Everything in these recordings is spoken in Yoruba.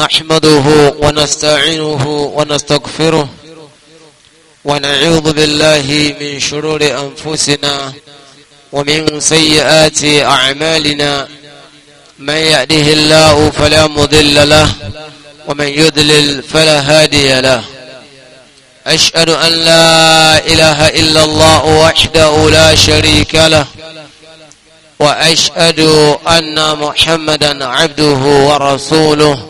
نحمده ونستعينه ونستغفره ونعوذ بالله من شرور أنفسنا ومن سيئات أعمالنا من يأده الله فلا مضل له ومن يذلل فلا هادي له أشهد أن لا إله إلا الله وحده لا شريك له وأشهد أن محمدا عبده ورسوله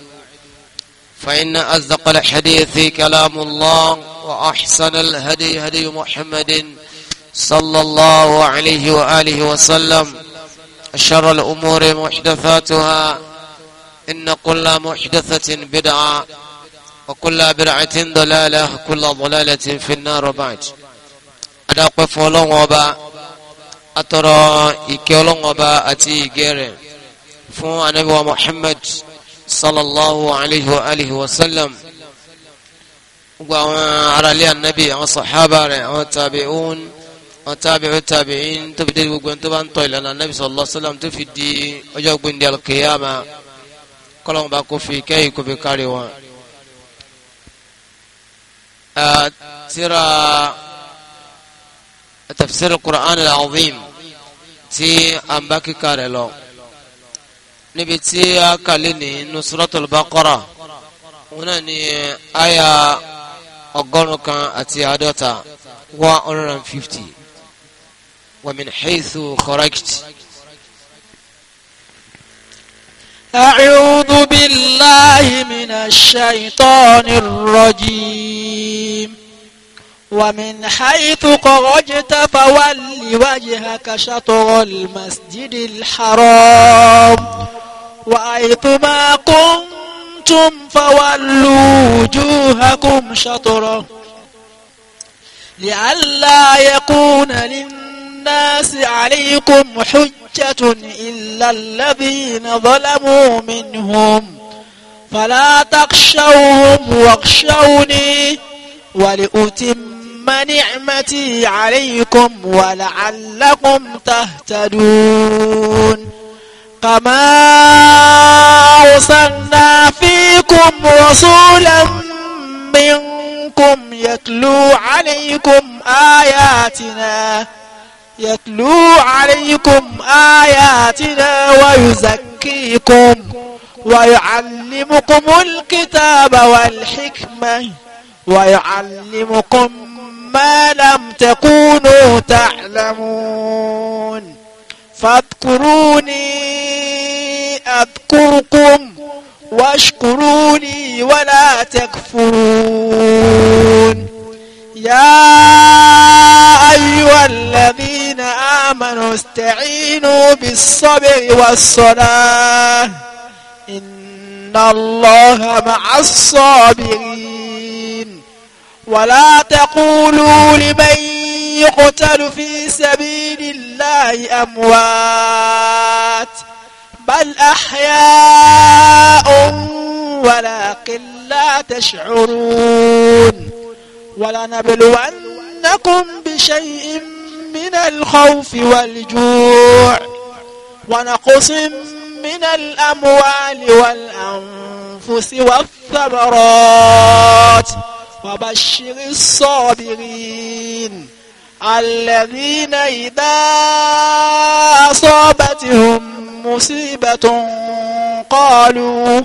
فإن أصدق الحديث كلام الله وأحسن الهدي هدي محمد صلى الله عليه وآله وسلم شر الأمور محدثاتها إن كل محدثة بدعة وكل بدعة ضلالة كل ضلالة في النار بعد أنا أدقف لغبا أترى إكي لغبا أتي غير فو أنبي محمد صلى الله عليه وآله وسلم وعلى النبي وصحابة وتابعون وتابع التابعين تبدل وقوان تبان طويل على النبي صلى الله عليه وسلم تفدي وجاوب عند القيامة كل ما باكو في كي كبي كاريوا ترى تفسير القرآن العظيم تي أمباكي كاريلو níbi tí a kàlẹ́ ní nusratul baqara wọn náà ní àyà ọgọ́rùn kan àti àádọ́ta one hundred and fifty wa min haythu kharajti. أعوذ بالله من الشيطان الرجيم ومن حيث خرجت فول وجهك شطر المسجد الحرام وحيث ما كنتم فولوا وجوهكم شطرا لئلا يكون للناس عليكم حجة إلا الذين ظلموا منهم فلا تخشوهم واخشوني ولأتم وأتم نعمتي عليكم ولعلكم تهتدون كما أرسلنا فيكم رسولا منكم يتلو عليكم آياتنا يتلو عليكم آياتنا ويزكيكم ويعلمكم الكتاب والحكمة ويعلمكم ما لم تكونوا تعلمون فاذكروني أذكركم واشكروني ولا تكفرون يا أيها الذين آمنوا استعينوا بالصبر والصلاة إن الله مع الصابرين ولا تقولوا لمن يقتل في سبيل الله أموات بل أحياء ولكن لا تشعرون ولنبلونكم بشيء من الخوف والجوع ونقص من الأموال والأنفس والثمرات فبشر الصابرين الذين إذا أصابتهم مصيبة قالوا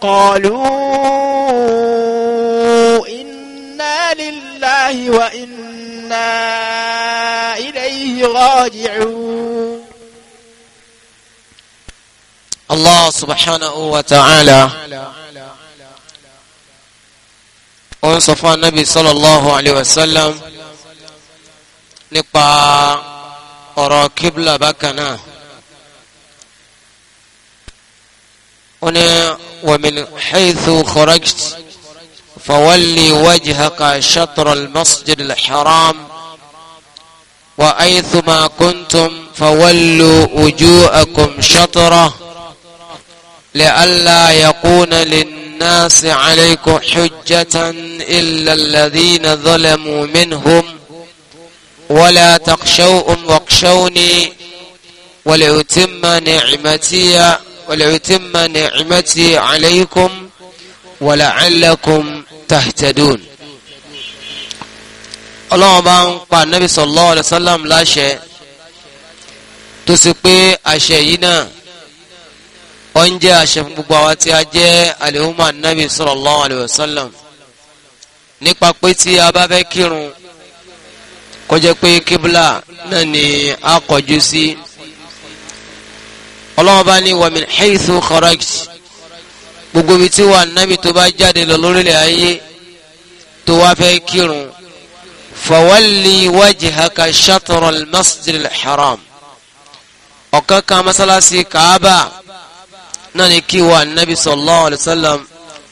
قالوا إنا لله وإنا إليه راجعون الله سبحانه وتعالى ó ń sọ fún anábì sallallahu alayhi wa sallam nípa ọ̀rọ̀ kíbla bákan náà ó ní wa min haythu kharajt fawalli wajhaka shatra al-masjid al-haram wa aythuma kuntum fawallu wujuhakum shatrahu لئلا يكون للناس للناس عليكم حجة إلا الذين ظلموا منهم ولا تخشوهم واخشوني ولأتم نعمتي ولأتم نعمتي عليكم ولعلكم تهتدون ọlọ́run bá ń pa nabi sallallahu alayhi wa sallam láṣẹ tó sì pé àṣẹ yìí náà oúnjẹ àṣẹ fún gbogbo àwọn tí a jẹ́ alihuma nabi sallallahu alayhi wa sallam nípa pé tí a bá fẹ́ kírun kó jẹ́ pé kíbla náà ni a kọjú sí ọlọ́wọ́n bá ní wa min haythu gbogbo ibi tí wà nábì tó bá jáde lọ lórílẹ̀ ayé tó wá fẹ́ kírun fawalli wajhaka shatral masjidil haram ọ̀kan masalasi kaaba náà ni kí wa anabi sallallahu alayhi wa sallam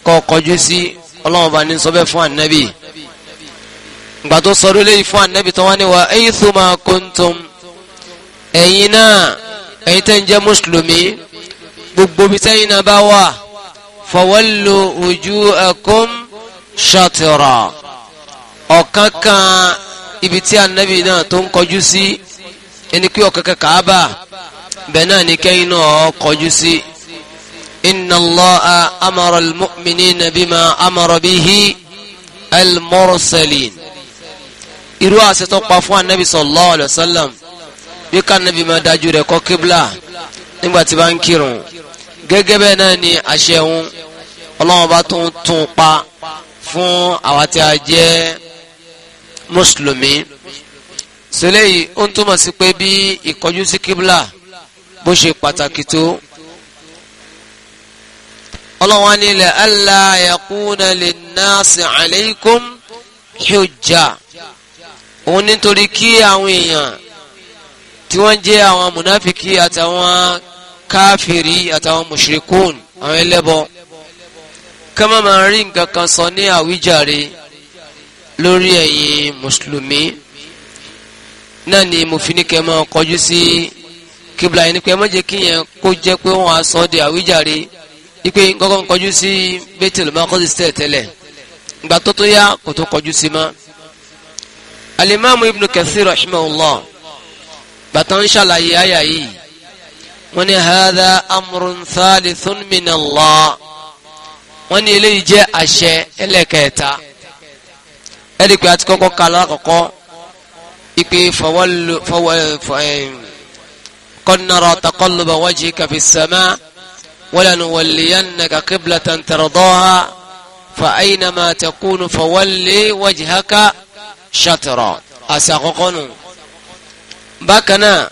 kọ́ kọjú sí ọlọ́run bá ní sọ́bẹ̀ fún anabi ìgbà tó sọ lórí fún anabi tó wá ní wa aythuma kuntum ẹ̀yin náà ẹ̀yin tẹ́ ń jẹ́ mùsùlùmí gbogbo bí sẹ́yìn náà bá wà fawallu wujuhakum shatra ọ̀kan kan ibi tí anabi náà tó ń kọjú sí ẹni pé ọ̀kan kan kàábà bẹ́ẹ̀ náà ni kẹ́yìn náà kọjú sí. إن الله أمر المؤمنين بما أمر به المرسلين irú àṣẹ tó pa fún anabi sallallahu alayhi wa sallam bí ká anabi máa dájú rẹ̀ kọ kíbla nígbà tí bá ń kírun gẹ́gẹ́ bẹ́ẹ̀ náà ni àṣẹ òun ọlọ́run bá tún tún pa fún àwa tí a jẹ́ mùsùlùmí sọlẹ́yìí ó ń túmọ̀ sí pé bí ìkọjú sí kíbla bó ṣe pàtàkì tó ọlọ́wọ́n ni lẹ́ alla yakuna linnasi alaykum hujja òun nítorí kí àwọn èèyàn tí wọ́n jẹ́ àwọn munafiki àtàwọn káfìrí àtàwọn mushrikun àwọn ẹlẹ́bọ kama máa rí nǹkan kan sọ ní àwíjàre lórí ẹ̀yin mùsùlùmí náà ni mo fi ní kẹ́ máa kọjú sí kíbla yẹn pé ẹ má kó jẹ́ pé wọ́n á sọ di àwíjàre ipe kọ́kọ́ ń kọjú sí Baitul Maqdis tẹ́lẹ̀ ìgbà tó tó yá kò tó kọjú sí mọ́ alimami Ibn Kathir rahimahullah bàtà ń ṣàlàyé àyà yìí wọ́n ní hadha amrun thalithun min Allah wọ́n ní eléyìí jẹ́ àṣẹ ẹlẹ́kẹ̀ẹ́ta ẹ̀rí pé a ti kọ́kọ́ ka lọ́kọ̀ọ́kọ́ ipe fọwọ́lù fọwọ́ kọ́nàrọ̀ taqalluba wajhika fis ولنولينك قبلة ترضاها فأينما تكون فولي وجهك شطرا أساقون بكنا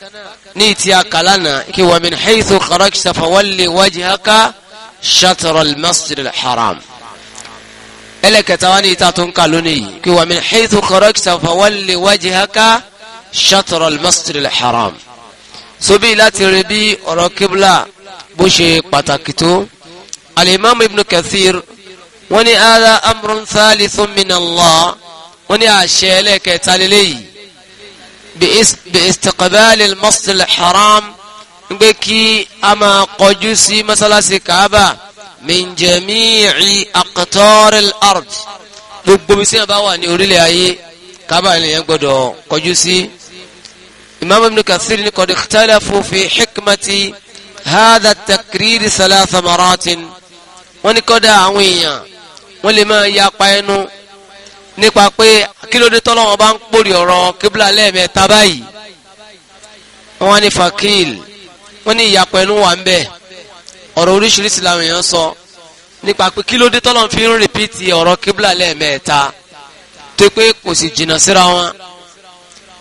نيتيا كلنا كي ومن حيث خرجت فولي وجهك شطر المسجد الحرام إلك تواني قالوني كي ومن حيث خرجت فولي وجهك شطر المسجد الحرام سبي لا تربي ركبلا bó ṣe pàtàkì tó al-imam ibn kathir wọ́n ní hadha amrun thalithun min Allah wọ́n ní àṣẹ ẹlẹ́kẹta lélẹ́yìí bi istiqbal al-masjid al-haram gbé kí a máa kọjú sí masalasi kaaba min jami'i aqtar al-ard gbogbo bí sèyàn bá wà ní orílẹ̀ ayé kaaba ènìyàn gbọ́dọ̀ kọjú sí imam ibn kathir ní qad ikhtalafu fi hikmati hadha takrir salasa maratin wọ́n ní kọ́dá àwọn èèyàn wọ́n lè máa yapa ẹnu nípa pé kí ló dé tọ́lọ́wọ́n bá ń pòrì ọ̀rọ̀ kíbla lẹ́ẹ̀mẹ́ta báyìí wọ́n ní fakil wọ́n ní ìyapa ẹnu wà ń bẹ̀ ọ̀rọ̀ oríṣiríṣi làwọn èèyàn sọ nípa pé kí ló dé tọ́lọ́wọ́n fi ń rìpíìtì ọ̀rọ̀ kíbla lẹ́ẹ̀mẹ́ta tó pé kò sì jìnnà síra wọn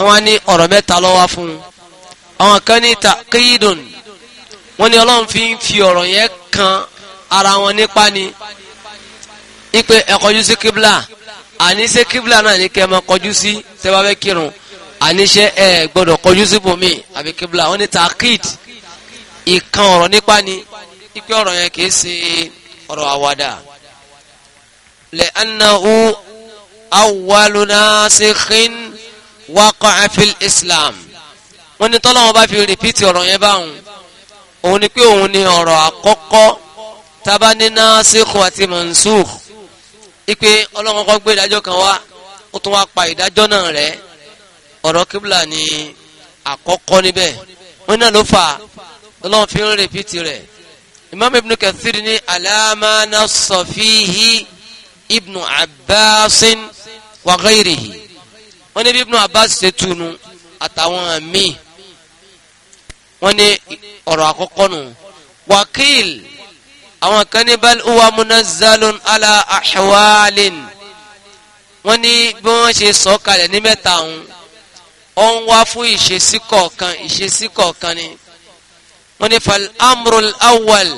wọ́n ní ọ̀rọ̀ mẹ́ta ló wà fún un àwọn kan ní takidun wọ́n ní ọlọ́run fi ń fi ọ̀rọ̀ yẹn kan ara wọn nípa ni ipe ẹ kọjú sí kíbla àní ṣe kíbla náà ní kẹ́ ẹ máa kọjú sí tẹ́ bá fẹ́ kírun àní ṣe ẹ gbọ́dọ̀ kọjú sí bòmí àbí kíbla wọ́n ní takid ìkan ọ̀rọ̀ nípa ni ipe ọ̀rọ̀ yẹn kì ṣe ọ̀rọ̀ àwàdà lẹ́ẹ̀náwó awwalunasikhin waqa'a fil islam wọ́n ní tọ́lọ́wọ́n bá fi rìpítì ọ̀rọ̀ yẹn báwọn òun ni pé òun ni ọ̀rọ̀ àkọ́kọ́ tábà ní nasikh àti mansukh ipe ọlọ́run kọ́ gbé ìdájọ́ kan wá ó tún wá pa ìdájọ́ náà rẹ̀ ọ̀rọ̀ kíbla ni àkọ́kọ́ níbẹ̀ wọ́n náà ló fà ọlọ́run fi ń rèpìtì rẹ̀ imam ibn kathir ní alama nassa ibn abbasin wa ghayrihi wọ́n ní bí ibn abbas ṣe túnu àtàwọn míì wọ́n ní ọ̀rọ̀ àkọ́kọ́ nù wakil àwọn kan ní bal uwa munazzalun ala ahwalin wọ́n ní bí wọ́n ṣe sọ kalẹ̀ ní mẹ́ta ọ̀hún ó ń wá fún ìṣesí kọ̀ọ̀kan ìṣesí kọ̀ọ̀kan ni wọ́n ní fal amrul awwal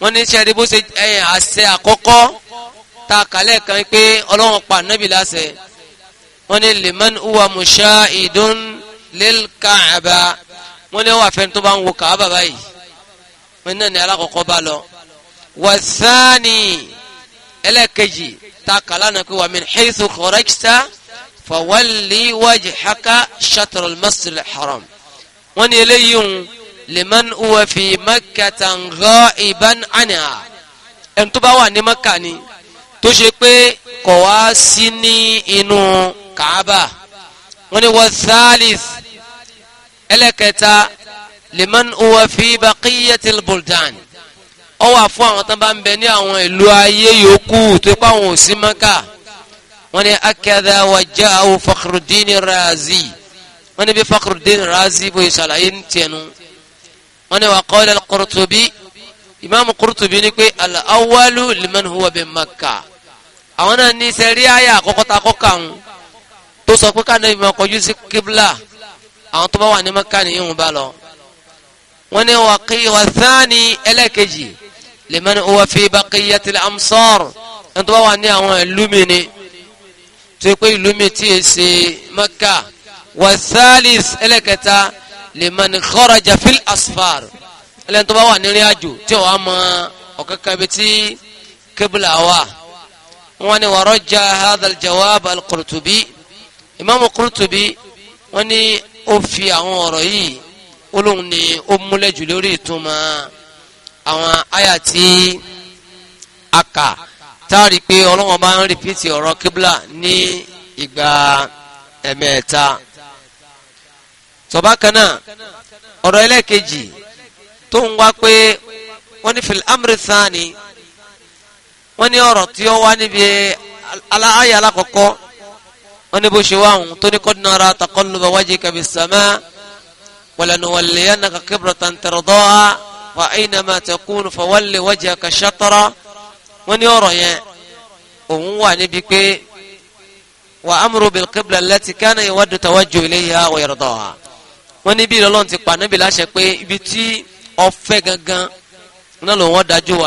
wọ́n ní sẹ́ni bó ṣe ẹ̀yìn àṣẹ àkọ́kọ́ ta kalẹ̀ kan pé ọlọ́run pa nábì láṣẹ wọ́n ní liman uwa musha'idun lil wọ́n ní wàá fẹ́ni tó bá ń wo kàá bàbá yìí wọ́n náà ní alákọ̀ọ́kọ́ bá lọ. wàsáàni ẹlẹ́kejì ta kàlá náà pé wàmí haythu kharajta fawalli wajhaka shatr al-masjid al-haram wọ́n ní eléyìí ń liman huwa fi makkata ghaiban anha ẹni tó bá wà ní mẹ́kà tó ṣe pé kọ̀ wá sí ní inú kàábà wọ́n ní wọ́n thálìsì ẹlẹ́kẹta liman huwa fi baqiyatil buldan ọ wà fún àwọn tán bá ń bẹ ní àwọn ìlú ayé yòókù tó pa àwọn òsì maka wọn ni akadha wajjahu fakhruddin razi wọn ni bí fakhruddin razi bó ṣàlàyé ń tẹnu wọn ni wà qala al imaamu qurtubi ni pé al-awwalu liman huwa maka àwọn náà ní sẹ́ríà yà àkọ́kọ́ ta kọ́kà ń tó sọ pé káàdé ìmọ̀ kọjú sí kíbla àwọn tó bá wà ní maka ní ìhùn bá lọ wọ́n ní wà kí wà sáàni ẹlẹ́kejì lèmẹ́ni ó wà fi baqiyatil amsar ẹni tó bá wà ní àwọn ìlú mi ni tó pé ìlú mi tí ì ṣe maka wà sáàlis ẹlẹ́kẹta lèmẹ́ni kharaja fil asfar ẹlẹ́ni tó bá wà ní rìn tí wàá mọ ọ̀kankan ibi tí kébìlà wà wọ́n ní wà rọ́jà hadal jawab al-Qurtubi imaamu Qurtubi wọ́n ó fi àwọn ọ̀rọ̀ yìí ó lóun ni ó múlẹ̀ jù lórí ìtumọ̀ àwọn àyà tí a kà táàrí pé ọlọ́wọ́n bá ń rìpítì ọ̀rọ̀ kíbla ní ìgbà ẹ̀mẹ́ẹ̀ta tọ́ba kan náà ọ̀rọ̀ tó ń wá pé wọ́n ní fìlà amúrẹ́sán ni wọ́n ní ọ̀rọ̀ tí ó wá níbi aláàyè alákọ̀ọ́kọ́ wọ́n ní bó ṣe wá òun tó ní qad nara taqalluba wajhika bis-samaa walanuwalliyannaka qiblatan tardaha wa aynama takunu fawalli wajhaka shatra wọ́n ní ọ̀rọ̀ yẹn òun wà níbi pé wa amru bil-qibla kana yawaddu tawajjuha ilayha wa yardaha wọ́n ní bí ti pa níbi láṣẹ pé ibi tí ọfẹ́ gangan náà lòun wa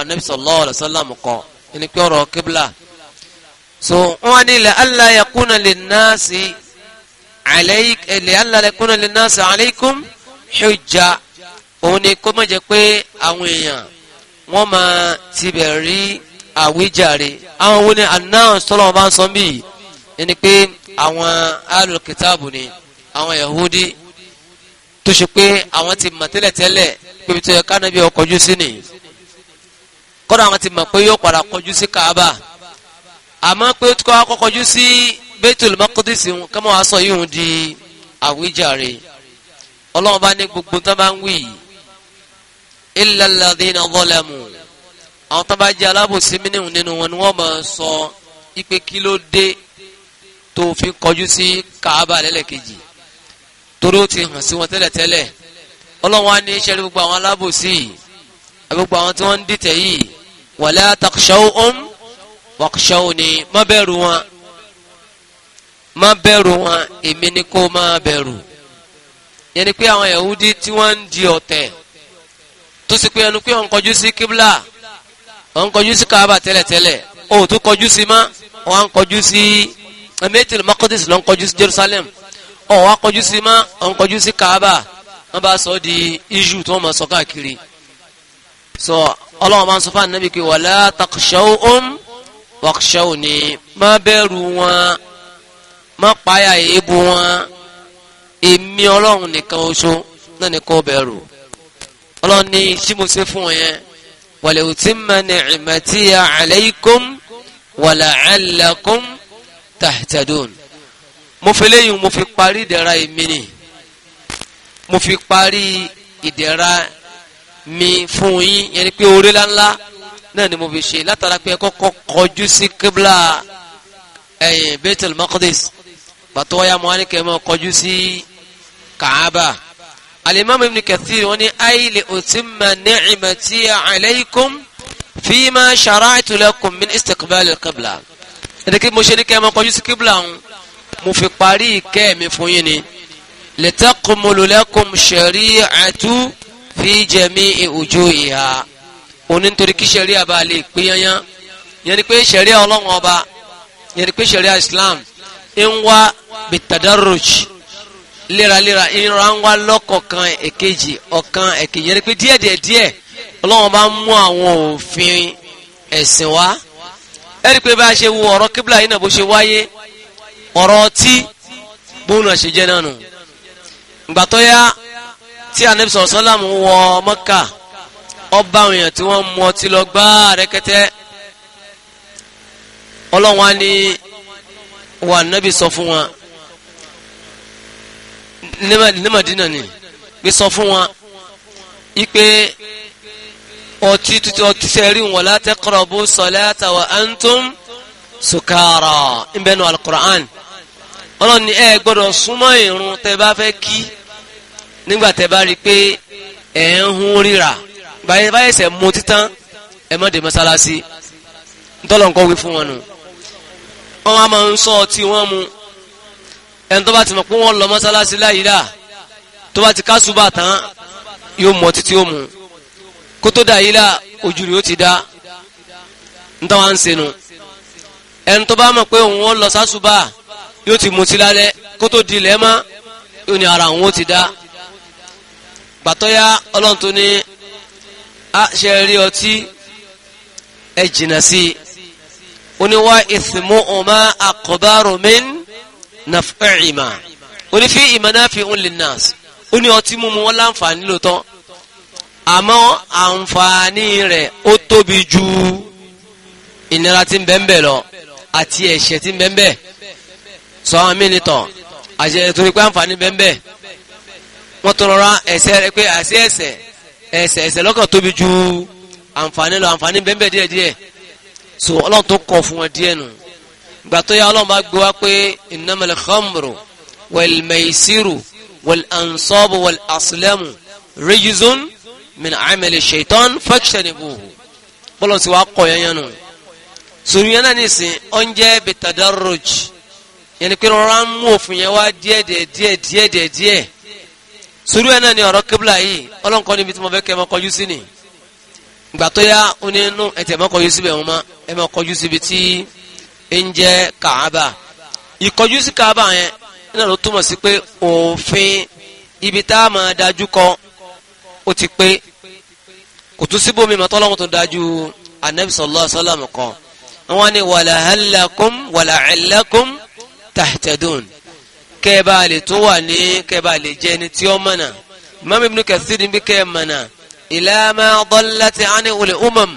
Nabi sallallahu alaihi wasallam kọ́ ẹni pé ọ̀rọ̀ qibla so wọn ni lè allah yakuna lè naasi aleik eh, lè allah yakuna lè naasi aleikum hujja òun ni kó má jẹ pé àwọn èèyàn wọn máa tibẹ̀ rí àwíjàre àwọn wo ni anáà sọlọ bá ń sọ bí ẹni pé àwọn alùkìtàbù ni àwọn yahudi tó ṣe pé àwọn ti mọ̀ tẹ́lẹ̀tẹ́lẹ̀ pé tó yẹ kánábí ọkọjú sí ni kọ́dọ̀ àwọn ti mọ̀ pé yóò padà kọjú sí kaaba àmọ́ pé ó ti kọ́ akọ́kọ́jú sí Baitul Maqdis wọn kọ́mọ́ wa sọ yíhun di àwíjàre ọlọ́run bá ní gbogbo tó bá ń wí illa alladhina zalamu àwọn tó bá jẹ́ alábòsí mínú nínú wọn ni wọ́n máa sọ ipe kí ló dé tó fi kọjú sí Kaaba lẹ́lẹ́kejì torí ó ti hàn sí wọn tẹ́lẹ̀tẹ́lẹ̀ ọlọ́run á ní sẹ́rí gbogbo àwọn alábòsí àgbègbè àwọn tí wọ́n ń dìtẹ̀ yìí wala taqshawhum wakhshawni má bẹ̀rù wọn má bẹ̀rù wọn èmi ni kó má bẹ̀rù yẹn ni pé àwọn yahudi tí wọ́n ń di ọ̀tẹ̀ tó sì pé ẹnu pé wọ́n kọjú sí kíbla kaaba tẹ́lẹ̀tẹ́lẹ̀ ó tó kọjú sí má wọ́n kọjú sí Baitul Maqdis lọ́n kọjú sí Jerusalem ó wá kọjú sí má wọ́n kọjú kaaba wọ́n bá sọ di iṣu tó wọ́n máa káàkiri sọ ọlọ́wọ́n máa ń sọ fún ànábì pé wala taqshawhum wàkṣẹ́wò ni má bẹ̀rù wọn má páyà èébú wọn èmi ọlọ́run nìkan oṣù náà ni kò bẹ̀rù ọlọ́run ní tí mo ṣe fún ọ yẹn wàlẹ̀ òtí mà ní ìmọ̀tíyà alaykum wàlẹ̀ alakum mo fi léyìn mo fi parí ìdẹ̀ra èmi ni mo fi parí ìdẹ̀ra mi fún yín yẹn ni pé orí láńlá. náà ni mo fi ṣe látara pé kọ́kọ́ kọjú sí kíbla ẹ̀yìn betel Maqdis pàtó ọ̀yà mọ́ ní kẹ́mọ́ kọjú sí Kaaba alimami ibn Kathir wọn ni ayi li utimma ni'mati alaykum fima shara'tu lakum min istiqbal al-qibla ẹ̀dẹ̀kí mo ṣe ní kẹ́mọ́ kọjú sí kíbla ń mo fi parí ìkẹ́ mi fún yín ni litakmulu lakum shari'atu fi jami'i wujuhiha. òní nítorí kí sẹ̀ríà bá lè pé yányán yẹn ni pé sẹ̀ríà ọlọ́run ọba yẹn ni pé sẹ̀ríà Islam ń wá bitadaroj léraléra ìnira ń wá lọ́kọ̀ọ̀kan èkejì ọ̀kan èkejì yẹn ni pé díẹ̀díẹ̀ díẹ̀ ọlọ́run bá mú àwọn òfin ẹ̀sìn wá ẹ̀rí pé bá a ṣe wo ọ̀rọ̀ kíbla yìí náà bó ṣe wáyé ọ̀rọ̀ ọtí bóun náà jẹ́ náà nù yá tí anabi sọ̀rọ̀ sọ́lámù wọ mọ́kà ọba àwọn èèyàn tí wọ́n mú ọtí lọ gbá rẹ́kẹ́tẹ́ ọlọ́wọ́n á ní wà nábì sọ fún wọn ní Madina ni pé sọ fún wọn ipe ọtí tuntun ọtí sẹ́rí wọn la taqrabu salata wa antum sukara ìbẹ́nu al-Qur'an ni ẹ gbọ́dọ̀ súnmọ́ ìrun tẹ bá fẹ́ kí nígbà tẹ bá rí i pé ẹ̀ ń hun ríra báyẹ̀ báyẹ̀ sẹ̀ mú títán ẹ má dé mọ́sálásí ntọ́lọ̀ nǹkan wí fún wọn nù wọ́n wá máa ń sọ ọtí wọn mu ẹni tó bá ti mọ̀ pé wọ́n lọ mọ́sálásí láyìí rà tó bá ti kásùbà tán yóò mọ títí ó mu kó tó dà yìí rà ojú rẹ̀ ó ti dá ntọ́ wa ń senu ẹni tó bá mọ̀ pé wọ́n lọ sásùbà yóò ti mutí lálẹ́ kó tó di ilẹ̀ yóò ní ara òun ó ti dá gbàtọ́ ya ọlọ́run tó ní a ah, ṣe rí ọtí ẹ jìnà sí oníwá ìsìnmú ọmọ àkọ́bárò min nafẹ́ìmà onífi ìmọ̀náfi unlinas oní ọtí mímu wọn láǹfààní lóòótọ́ àmọ́ àǹfààní rẹ̀ ó tóbi ju ìnira tí ń bẹ́ẹ̀ lọ àti ẹ̀ṣẹ̀ tí ń bẹ́ẹ̀ sọ àwọn mí nìtàn àṣẹ torí pé àǹfààní bẹ́ẹ̀ wọ́n tọrọ ra ẹ̀ṣẹ̀ rẹ̀ pé àṣẹ ẹ̀ṣẹ̀ ẹsẹ̀ ẹsẹ̀ lọ́kàn tóbi ju àǹfààní lọ àǹfààní bẹ́ẹ̀ díẹ̀ díẹ̀ so ọlọ́run tó kọ fún wọn díẹ̀ nù gbà tó yá ọlọ́run bá gbé wá pé innamal khamru wal maisiru wal ansabu wal aslamu rijzun min amali shaitan fajtanibuhu bọ́lọ̀ tí wàá kọ̀ yẹn yẹn nù sori yẹn náà nìsín oúnjẹ bitadarruj yẹn ni pé rọra ń mú òfin yẹn wá díẹ̀ díẹ̀ díẹ̀ díẹ̀ díẹ̀ díẹ̀ sùúrù ẹ̀ náà ni ọ̀rọ̀ kébìlà yìí ọlọ́nkọ́ níbi tí mo fẹ́ kẹ́ ẹ máa kọjú sí ni ìgbà tó yá ó ní inú ẹ̀tẹ̀ máa kọjú síbẹ̀ wọn máa ẹ máa kọjú síbi tí ń jẹ́ kàába ìkọjú sí kàába yẹn náà ló túmọ̀ sí pé òfin ibi tá a máa dájú kọ ó ti pé kò tún síbòmí mọ́ tọ́lọ́mù tó dájú anabi sallallahu alaihi wasallam kan wọn ni wàlàhálàkùm wàlàhálàkùm tahtadun kẹba lè tó wà ní kẹba lè jẹ ẹni tí ó mọ̀nà Imam Ibn Kathir níbi kẹ mọ̀nà ila ma dallat anhu al-umam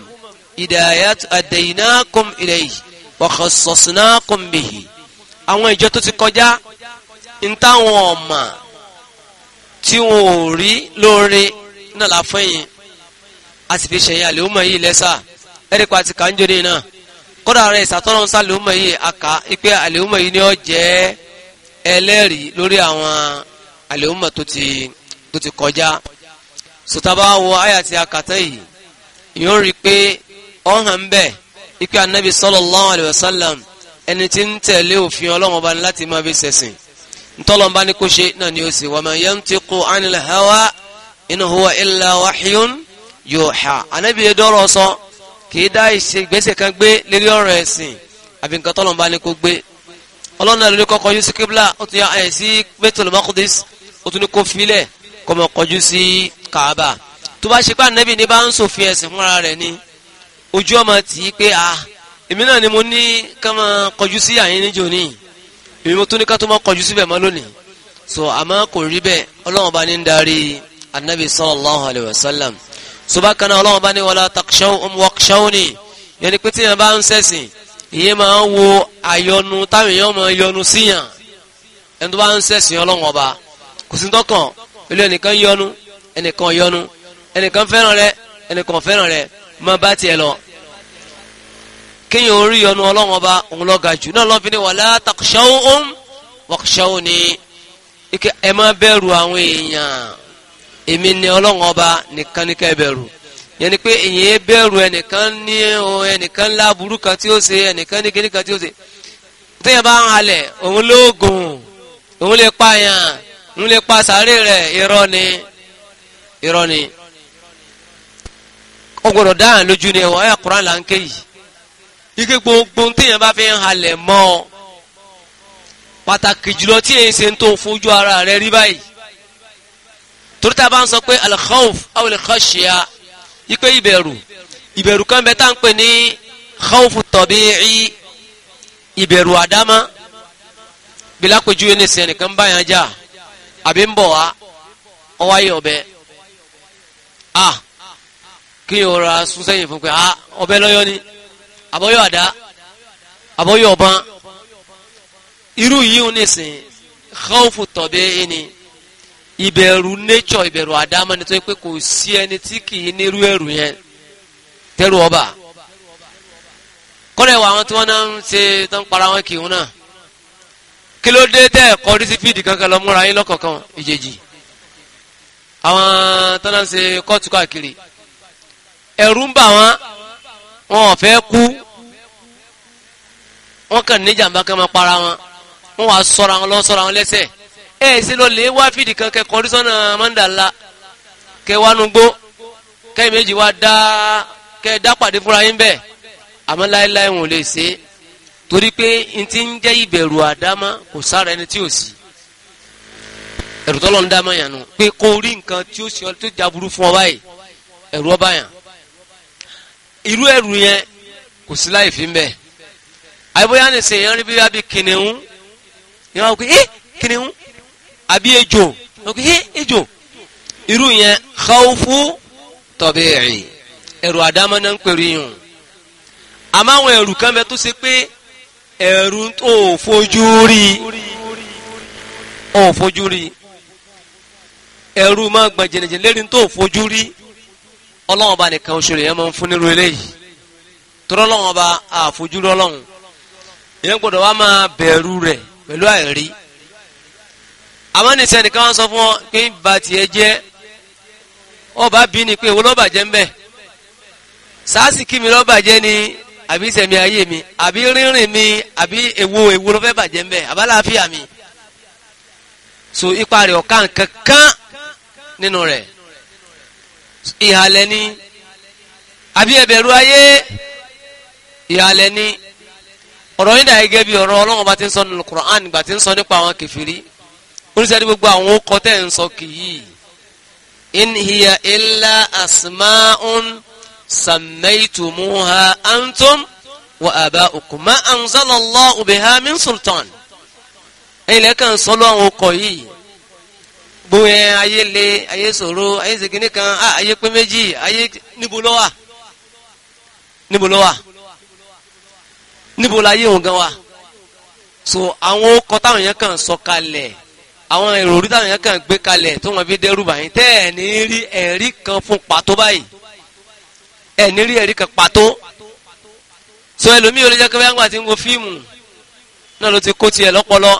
idayat adaynakum ilayhi wa khassasnakum bihi àwọn ìjọ tó ti kọjá ń táwọn ọ̀mà tí wọn ò rí lóore náà láfẹ́yìn a sì fi ṣẹ̀yìn àlèhùnmọ̀ yìí lẹ́sà ẹ̀rí pa ti kàńjọ́rẹ́ náà kọ́dà rẹ̀ ìsàtọ́nà sálèhùnmọ̀ yìí àká ipe àlèhùnmọ̀ yìí ni ó jẹ́ ẹlẹ́rìí lórí àwọn àlèhùnmọ̀ tó ti tó ti kọjá sotaba wo àyà tí a kàtẹ́ yìí yóò rí i pé ọ̀hàn bẹ́ẹ̀ ipe anabi sallallahu alayhi wa sallam ẹni tí ń tẹ̀lé òfin ọlọ́wọ́n bá ní láti máa fi ṣẹ̀sìn ntọ́lọ́n bá ní kó ṣe náà ni ó sì wa man yantiqu la hawa in huwa illa wahyun yuha anabi yẹn dọ́rọ̀ sọ kì í dá ìṣe ìgbésẹ̀ kan gbé lérí ọ̀rọ̀ ẹ̀sìn àbí nǹkan tọ́lọ́n bá ní kó gbé ọlọ́run náà lórí kọ́kọ́ yóò sí kíbla ó tún yá ẹ̀ sí Baitul Maqdis ó tún ní kó filẹ̀ kó mọ̀ kọjú sí Kaaba tó bá ṣe pé ànábì ní bá ń sòfin ẹ̀sìn fúnra rẹ̀ ni ojú ọmọ tì í pé ah èmi náà ni mo ní ká máa kọjú sí àyín níjò ní èmi mo tún ní ká tó máa kọjú síbẹ̀ mọ́ lónìí so àmọ́ kò rí bẹ́ẹ̀ ọlọ́run bá ní ń darí ànábì sallallahu ìyẹn máa ń wo àyọnu táwọn èèyàn máa yọnu síyàn ẹni tó bá ń sẹ̀sìn ọlọ́run ọba kò sí tọkàn ilé ẹnìkan yọnu ẹnìkan yọnu ẹnìkan fẹ́ràn rẹ ẹnìkan fẹ́ràn rẹ máa bá tiẹ̀ lọ kéèyàn orí yọnu ọlọ́run ọba òun lọ́ga jù náà lọ́fi ni wala takshawhum wakhshawni ẹ má bẹ̀rù àwọn èèyàn èmi ni ọlọ́run ọba nìkan ní ká bẹ̀rù yẹn ni pé èyàn bẹ̀rù ẹnìkan ní ẹnìkan láburú kan tí ó ṣe ẹnìkan ní kíní kan tí ó ṣe téèyàn bá ń halẹ̀ òun lóògùn òun lè pa yàn òun lè pa sàárè rẹ̀ irọ́ ni irọ́ ni ó gbọ́dọ̀ dáhàn lójú ni ẹ̀wọ̀n ẹ̀yà Kùránì là ń ké yìí ike gbogbo téèyàn bá fi ń halẹ̀ mọ́ ọ pàtàkì jùlọ tí èyí ṣe ń tó fojú ara rẹ̀ rí báyìí torí bá ń sọ pé al-khawf ipe ìbẹ̀rù ìbẹ̀rù kan bẹ tá ń pè ní khawfu tabi'i ìbẹ̀rù àdámá bilakojú yẹn nìsín ẹnìkan bá yàn já àbí ń bọ̀ wá ọwọ́ ayé ọbẹ̀ a kí yóò ra sún sẹ́yìn fún pé a ọbẹ̀ lọ́yọ́ ni àbọ̀yọ̀ àdá àbọ̀yọ̀ ọ̀bọ̀n irú yìí nìsín khawfu tabi'i ni ìbẹ̀rù nature ìbẹ̀rù àdámọ́ ni tó yẹ pé kò sí ẹni tí kì í nírú ẹ̀rù yẹn tẹ́rù ọba kọ́lẹ̀ wà àwọn tí wọ́n náà ń ṣe tó ń para wọn kì í náà kí ló dé tẹ́ ẹ̀kọ́ dísípìdì kankan lọ múra yín lọ́kọ̀ọ̀kan ìjèjì àwọn tó náà ń ṣe kóòtù káàkiri ẹ̀rù ń bà wọ́n wọn ò fẹ́ kú wọ́n kàn níjàmbá kan máa para wọn wọ́n wàá sọ́ra wọn lọ́ sọ́ra wọn lẹ́sẹ̀ẹ́ ẹ eh, ṣe lọ lè wá fìdí kan kẹkọọ rí mọ́ndàlá kẹwàánugbó kẹ́yìn wá dá kẹ́ pàdé fúnra yín bẹ́ẹ̀ àmọ́ láéláé wọn ò torí pé n ti ń jẹ́ ìbẹ̀rù àdámá kò sára ẹni tí ò sí ẹ̀rù tọ́lọ̀ ń dámá yàn pé kó rí nǹkan tí ó ṣe tó jaburú fún fi ń àbí ejò ẹ ejò irú yẹn khawfu tabi'i ẹ̀rù àdámọ́ náà ń pèrè yùn àmọ́ àwọn ẹ̀rù kan bẹ tó ṣe pé ẹ̀rù tó fojú rí ò fojú rí ẹ̀rù máa gbọ̀n jẹ̀nẹ̀jẹ̀ lérí tó fojú rí ọlọ́wọ́n bá nìkan oṣù rẹ̀ yẹn máa ń fún nírú eléyìí tọ́lọ́ bá àfojúrí ọlọ́run gbọ́dọ̀ wá máa bẹ̀rù rẹ̀ pẹ̀lú àìrí àmọ́ nìṣẹ́ nìkan wọ́n sọ fún ọ pé ń ba tiẹ̀ jẹ́ ọba bí ni pé wo lọ́ọ́ bàjẹ́ ń bẹ̀ kí mi lọ́ọ́ bàjẹ́ ni àbí sẹ̀mí ayé mi àbí rírìn mi àbí èwo èwo ló fẹ́ bàjẹ́ ń bẹ̀ mi so ipa rẹ̀ ọ̀ka nǹkan kan nínú rẹ̀ ìhàlẹ̀ ni àbí ẹ̀bẹ̀rù ayé ìhàlẹ̀ ni ọ̀rọ̀ yìí dà gẹ́gẹ́ bí ọ̀rọ̀ Ọlọ́run bá ti ń sọ nínú Qur'an gbà ti ń sọ oníṣẹ́ni gbogbo àwọn okọ̀ tẹ́ ń sọ kì í in hiya illa asma'un sammaytumuha antum wa aba'ukum ma anzalallahu biha min sultan ilẹ̀ kan sọ lọ àwọn okọ̀ yìí gbogbo yẹn ayé le ayé ṣòro ayé ṣèkínní kan ah, ayé pé méjì ayé níbo ló wà níbo ló so àwọn okọ̀ táwọn yẹn kan sọ kalẹ̀ àwọn ìròrí táwọn èèyàn kàn gbé kalẹ̀ tó wọn fi dẹ́rù bàyín tẹ́ ẹ̀ ní rí ẹ̀rí kan fún pàtó báyìí ẹ̀ ní rí ẹ̀rí kan pàtó so ẹlòmíì olójẹ́ kẹfẹ́ àgbà tí ń wo fíìmù náà ló ti kó tiẹ̀ lọ́pọlọ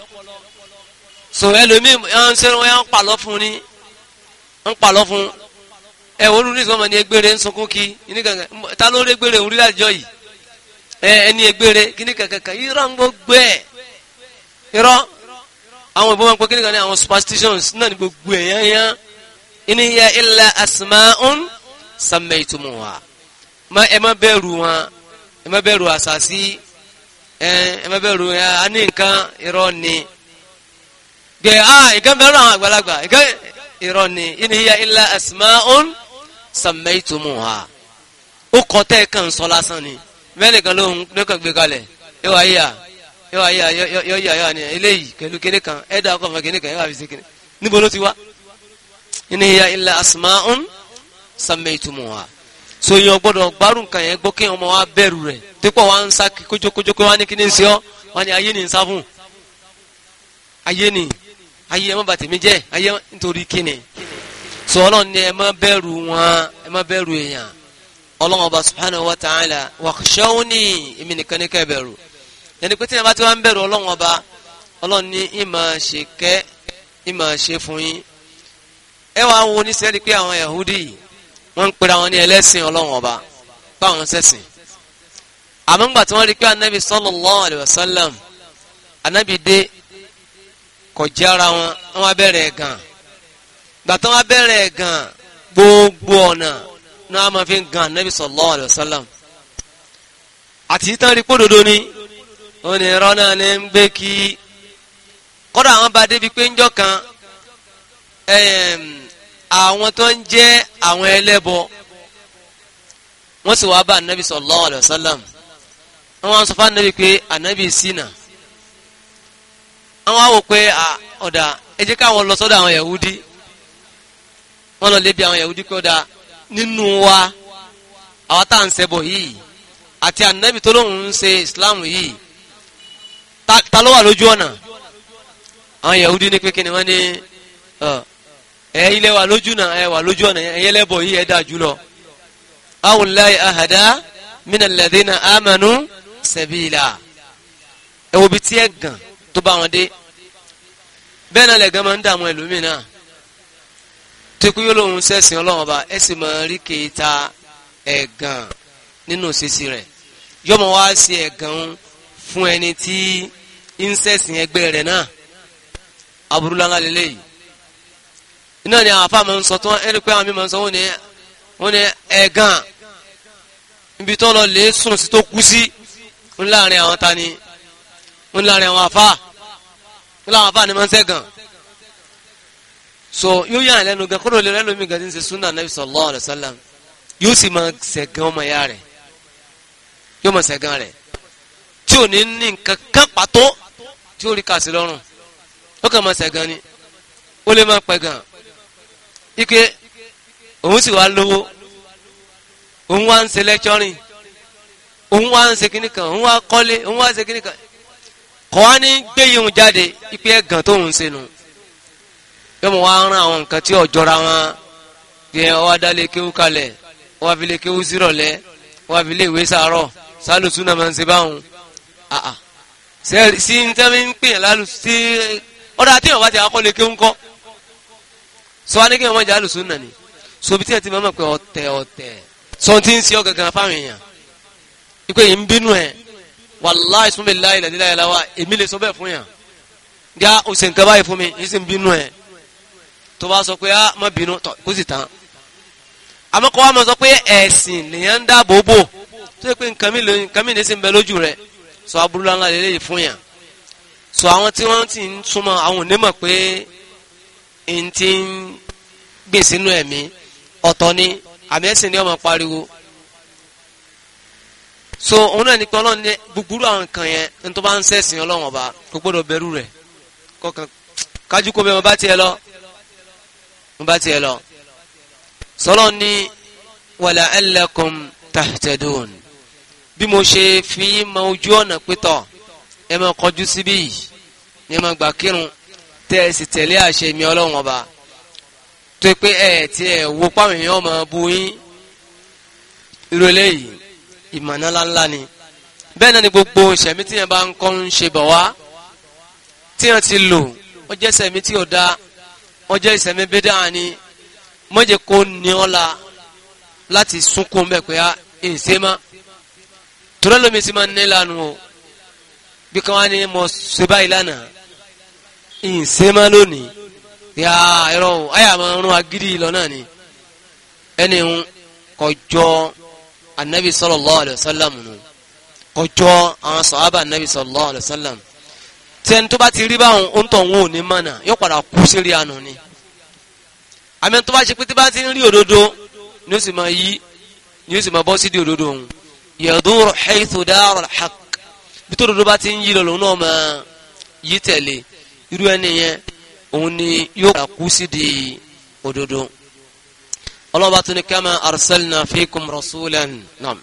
so ẹlòmíì ẹ̀hún ṣe wọ́n ń pàlọ́ fún ni ń pàlọ́ fún ẹ̀ wọ́n ní ìsọ́mọ ní egbére ń sunkún kí ní kankan ta ló rí egbére òun rí lájọ yìí ẹ ẹni egbére kí ní kankan irọ́ ń gbọ́ gbẹ́ irọ́ àwọn ìbọn máa ń pọ́ kí nìkan ní àwọn superstitions náà ní gbogbo ẹ̀yán yán in hiya illa asma'un sammaytumuha ẹ má bẹ̀rù wọn ẹ má bẹ̀rù àṣàṣì ẹ má bẹ̀rù a ní nǹkan irọ́ ni gbẹ ah nǹkan bẹ̀rù àwọn àgbàlagbà nǹkan irọ́ ni asma hiya illa asma'un sammaytumuha ó kọ́ tẹ́ ẹ̀ kàn sọ lásán ni mẹ́lẹ̀ kan ló ń gbé kalẹ̀ ẹ wá yíyà yọ yọ yọ yọ yọ yọ ni eléyìí pẹ̀lú kene kan ẹ̀dá ọkọ̀ fún kene kan yọ àfi ṣe kene níbo ló ti wá ní ya ilẹ̀ asma'un sammaytumuha so yẹn gbọ́dọ̀ gbárùn kan yẹn gbọ́ kí ọmọ wa bẹ̀rù rẹ̀ pípọ̀ wa ń sá kójókójó pé wá ní kí ni ń ṣe ọ́ wá ayé ni ń sá fún ayé ni ayé ẹ má bà tèmi jẹ́ ayé nítorí kí ni so ọlọ́run ni ẹ má bẹ̀rù wọn ẹ má bẹ̀rù èèyàn ọlọ́run ọba subhanahu wa ta'ala wakhshawni èmi nìkan ní kẹ́ bẹ̀rù ẹni pé tí yẹn bá ti wá ń bẹ̀rù ọlọ́run ọba ọlọ́run ní ìmọ̀ ṣe kẹ́ ìmọ̀ ṣe fún yín ẹ wá wo oníṣẹ́rí pé àwọn yahudi wọ́n ń pera wọn ní ẹlẹ́sìn ọlọ́run ọba báwọn sẹ́sìn àmọ́ ńgbà tí wọ́n rí pé anabi sallallahu alayhi wa sallam anabi dé kọjá ara wọn wọ́n bẹ̀rẹ̀ gan gbà tí wọ́n bẹ̀rẹ̀ gan gbogbo ọ̀nà náà wọ́n máa fi gan anabi sallallahu alayhi wa sallam àti tán rí kó dodo ni. wọn ni irọ́ náà ní ń gbé kí kọ́dọ̀ àwọn bá débi pé ńjọ́ kan àwọn tó ń jẹ́ àwọn ẹlẹ́bọ wọ́n sì wá bá anabi alayhi wa sallam wọ́n wá sọ fún anabi pé anabi ṣìnà wọ́n wá wò pé ọ̀dà ẹ jẹ́ káwọn lọ sọ́dọ̀ àwọn yahudi wọ́n lọ lébi àwọn yahudi pé ọ̀dà nínú wa àwọn ati ń ṣẹbọ yìí àti anabi tó lóun ń islam yìí ta ló wà lójú ọ̀nà àwọn yahudi ní pékin ni wọ́n ní ẹ ilẹ̀ wà lójú náà ẹ wà lójú ọ̀nà ẹ̀yẹ lẹ́bọ̀ yìí ẹ dà jùlọ. awùláyé ahàdá mina al-Ladina amanu sabila ẹ wo bi tí ẹ gàn tó bá wọn dé bẹ́ẹ̀ náà lẹ́gàn máa ń dààmú ẹlòmíì náà tó kú yóò lóun sẹ́sìn ọlọ́run ọba ẹ sì máa rí kéta ẹ̀gàn nínú òṣèṣì rẹ̀ yọmọ wá sí ẹ̀gàn fún ẹni tí ínsẹ́sìn ẹgbẹ́ rẹ̀ náà aburú lánlá lélẹ́yìí iná ni àwọn afáàmọ́ ń sọ tán ẹni pé àwọn mímọ́ ń sọ wọ́n ní wọ́n ni ẹ̀gàn níbi tó lọ lè sùn sí tó kú sí ń láàrin àwọn ta ni ń láàrin àwọn afá ń láwọn afá ni máa ń sẹ́gàn so yóò yà lẹ́nu gan kúrò lẹ́nu mi gan ti ń ṣe sunna nabi sallallahu alayhi wa sallam yóò sì máa sẹ̀gàn ọmọ ya rẹ̀ yóò máa sẹ̀gàn rẹ̀ tí ò ní ní nǹkan kan pàtó tí ó rí kàsí lọ́rùn ó kàn máa sẹ̀gàn ni ó lè máa pẹ̀ gan ike òun sì wá lówó òun wá ń ṣe lẹ́kṣọ́rìn òun wá ń ṣe kíní kan òun wá kọ́lé òun wá ń ṣe kíní kan kọ́ wá ní gbé yìí jáde ipe ẹ̀gàn tó ń ṣe nù yóò mọ̀ wá rán àwọn nǹkan tí ọ̀jọ́ra wọn yẹ ọwá dálé kéwú kalẹ̀ ọwá fi lè kéwú sírọ̀lẹ́ ọwá fi lè ìwé sàárọ̀ sálùsùn náà máa ń ṣe báwọn Ah, ah. sí ní tẹ́lẹ̀ ń pè é lálù sí ọ̀dọ̀ àti ìwọ̀n bá ti akọ́lé kí ń kọ́ sọ wá ní kí wọ́n jẹ́ àlùsùn nàní so bí tí ẹ ti mọ̀ pé ọ̀tẹ̀ ọ̀tẹ̀ sọ ti ń ṣe ọ́ gangan fáwọn èèyàn ipe yìí ń bínú ẹ̀ wàláì súnmọ́ láì lẹ́dílá yẹn láwa èmi lè sọ bẹ́ẹ̀ fún yàn gá oṣù nǹkan báyìí fún mi yìí sì ń bínú ẹ̀ tó bá sọ pé á ah, má bínú tọ̀ kó sì tán àmọ́ kọ́ wa mọ̀ sọ pé ẹ̀sìn lèèyàn ń dáàbò bò tó yẹ pé nǹkan mi lè nǹkan mi lójú rẹ̀ sọ aburú ńlá lélẹ́yìí fún yàn so àwọn tí wọ́n ti ń súnmọ́ àwọn onímọ̀ pé n ti ń gbìn sínú ẹ̀mí ọ̀tọ̀ ni àmì ẹ̀sìn ni ọmọ pariwo so òun náà ní pé ọlọ́run ní gbogbo àwọn nǹkan yẹn ní tó bá ń sẹ̀sìn ọlọ́run ọba kò gbọ́dọ̀ bẹ̀rù rẹ̀ kọ̀ọ̀kan kájú kó bẹ́ẹ̀ mo bá tiẹ̀ lọ mo bá tiẹ̀ lọ sọlọ́ ní wàlà allakum tahtadun bí mo ṣe fi mọ ojú ọ̀nà pétọ̀ ẹ máa kọjú síbí yìí ní ẹ máa gbà kírun tẹ ẹ sì tẹ̀lé àṣẹ mi ọlọ́run ọba tó pé ẹ ti ẹ wo páwọn èèyàn máa bu yín irú eléyìí ìmọ̀nà ńláńlá ni bẹ́ẹ̀ náà ni gbogbo ìṣẹ̀mí tí yẹn bá ń kọ́ ń ṣe bọ̀ wá tí yẹn ti lò wọ́n jẹ́ ìṣẹ̀mí tí ò da wọ́n jẹ́ ìṣẹ̀mí bídà ni mọ́jẹ́ kó ọ́ la láti sunkún mẹ́pẹ́ á èsè máa tọ́lá lómi sì máa ń ní lánàá o bí kan wá ní mo ṣe báyìí lánàá ìṣe máa lónìí yà o àyà máa ń rún agídí ni ẹni ń kọjọ anabi sallallahu alaihi wasallam nù kọjọ àwọn sọ̀hábà anabi sallallahu alaihi wasallam tẹni ti rí báwọn ó ń tọ̀ wọn ò ní mọ̀nà yóò padà kú sírí ni àmì tó bá ṣe pé tí bá ti ń ododo ni ó sì máa yí ni ó sì máa bọ́ sídìí òdodo òun. يدور حيث دار الحق بتور ربات انجيل لونوما يتلي يرو اني اوني يو ودودو اودودو الله باتني كما ارسلنا فيكم رسولا نعم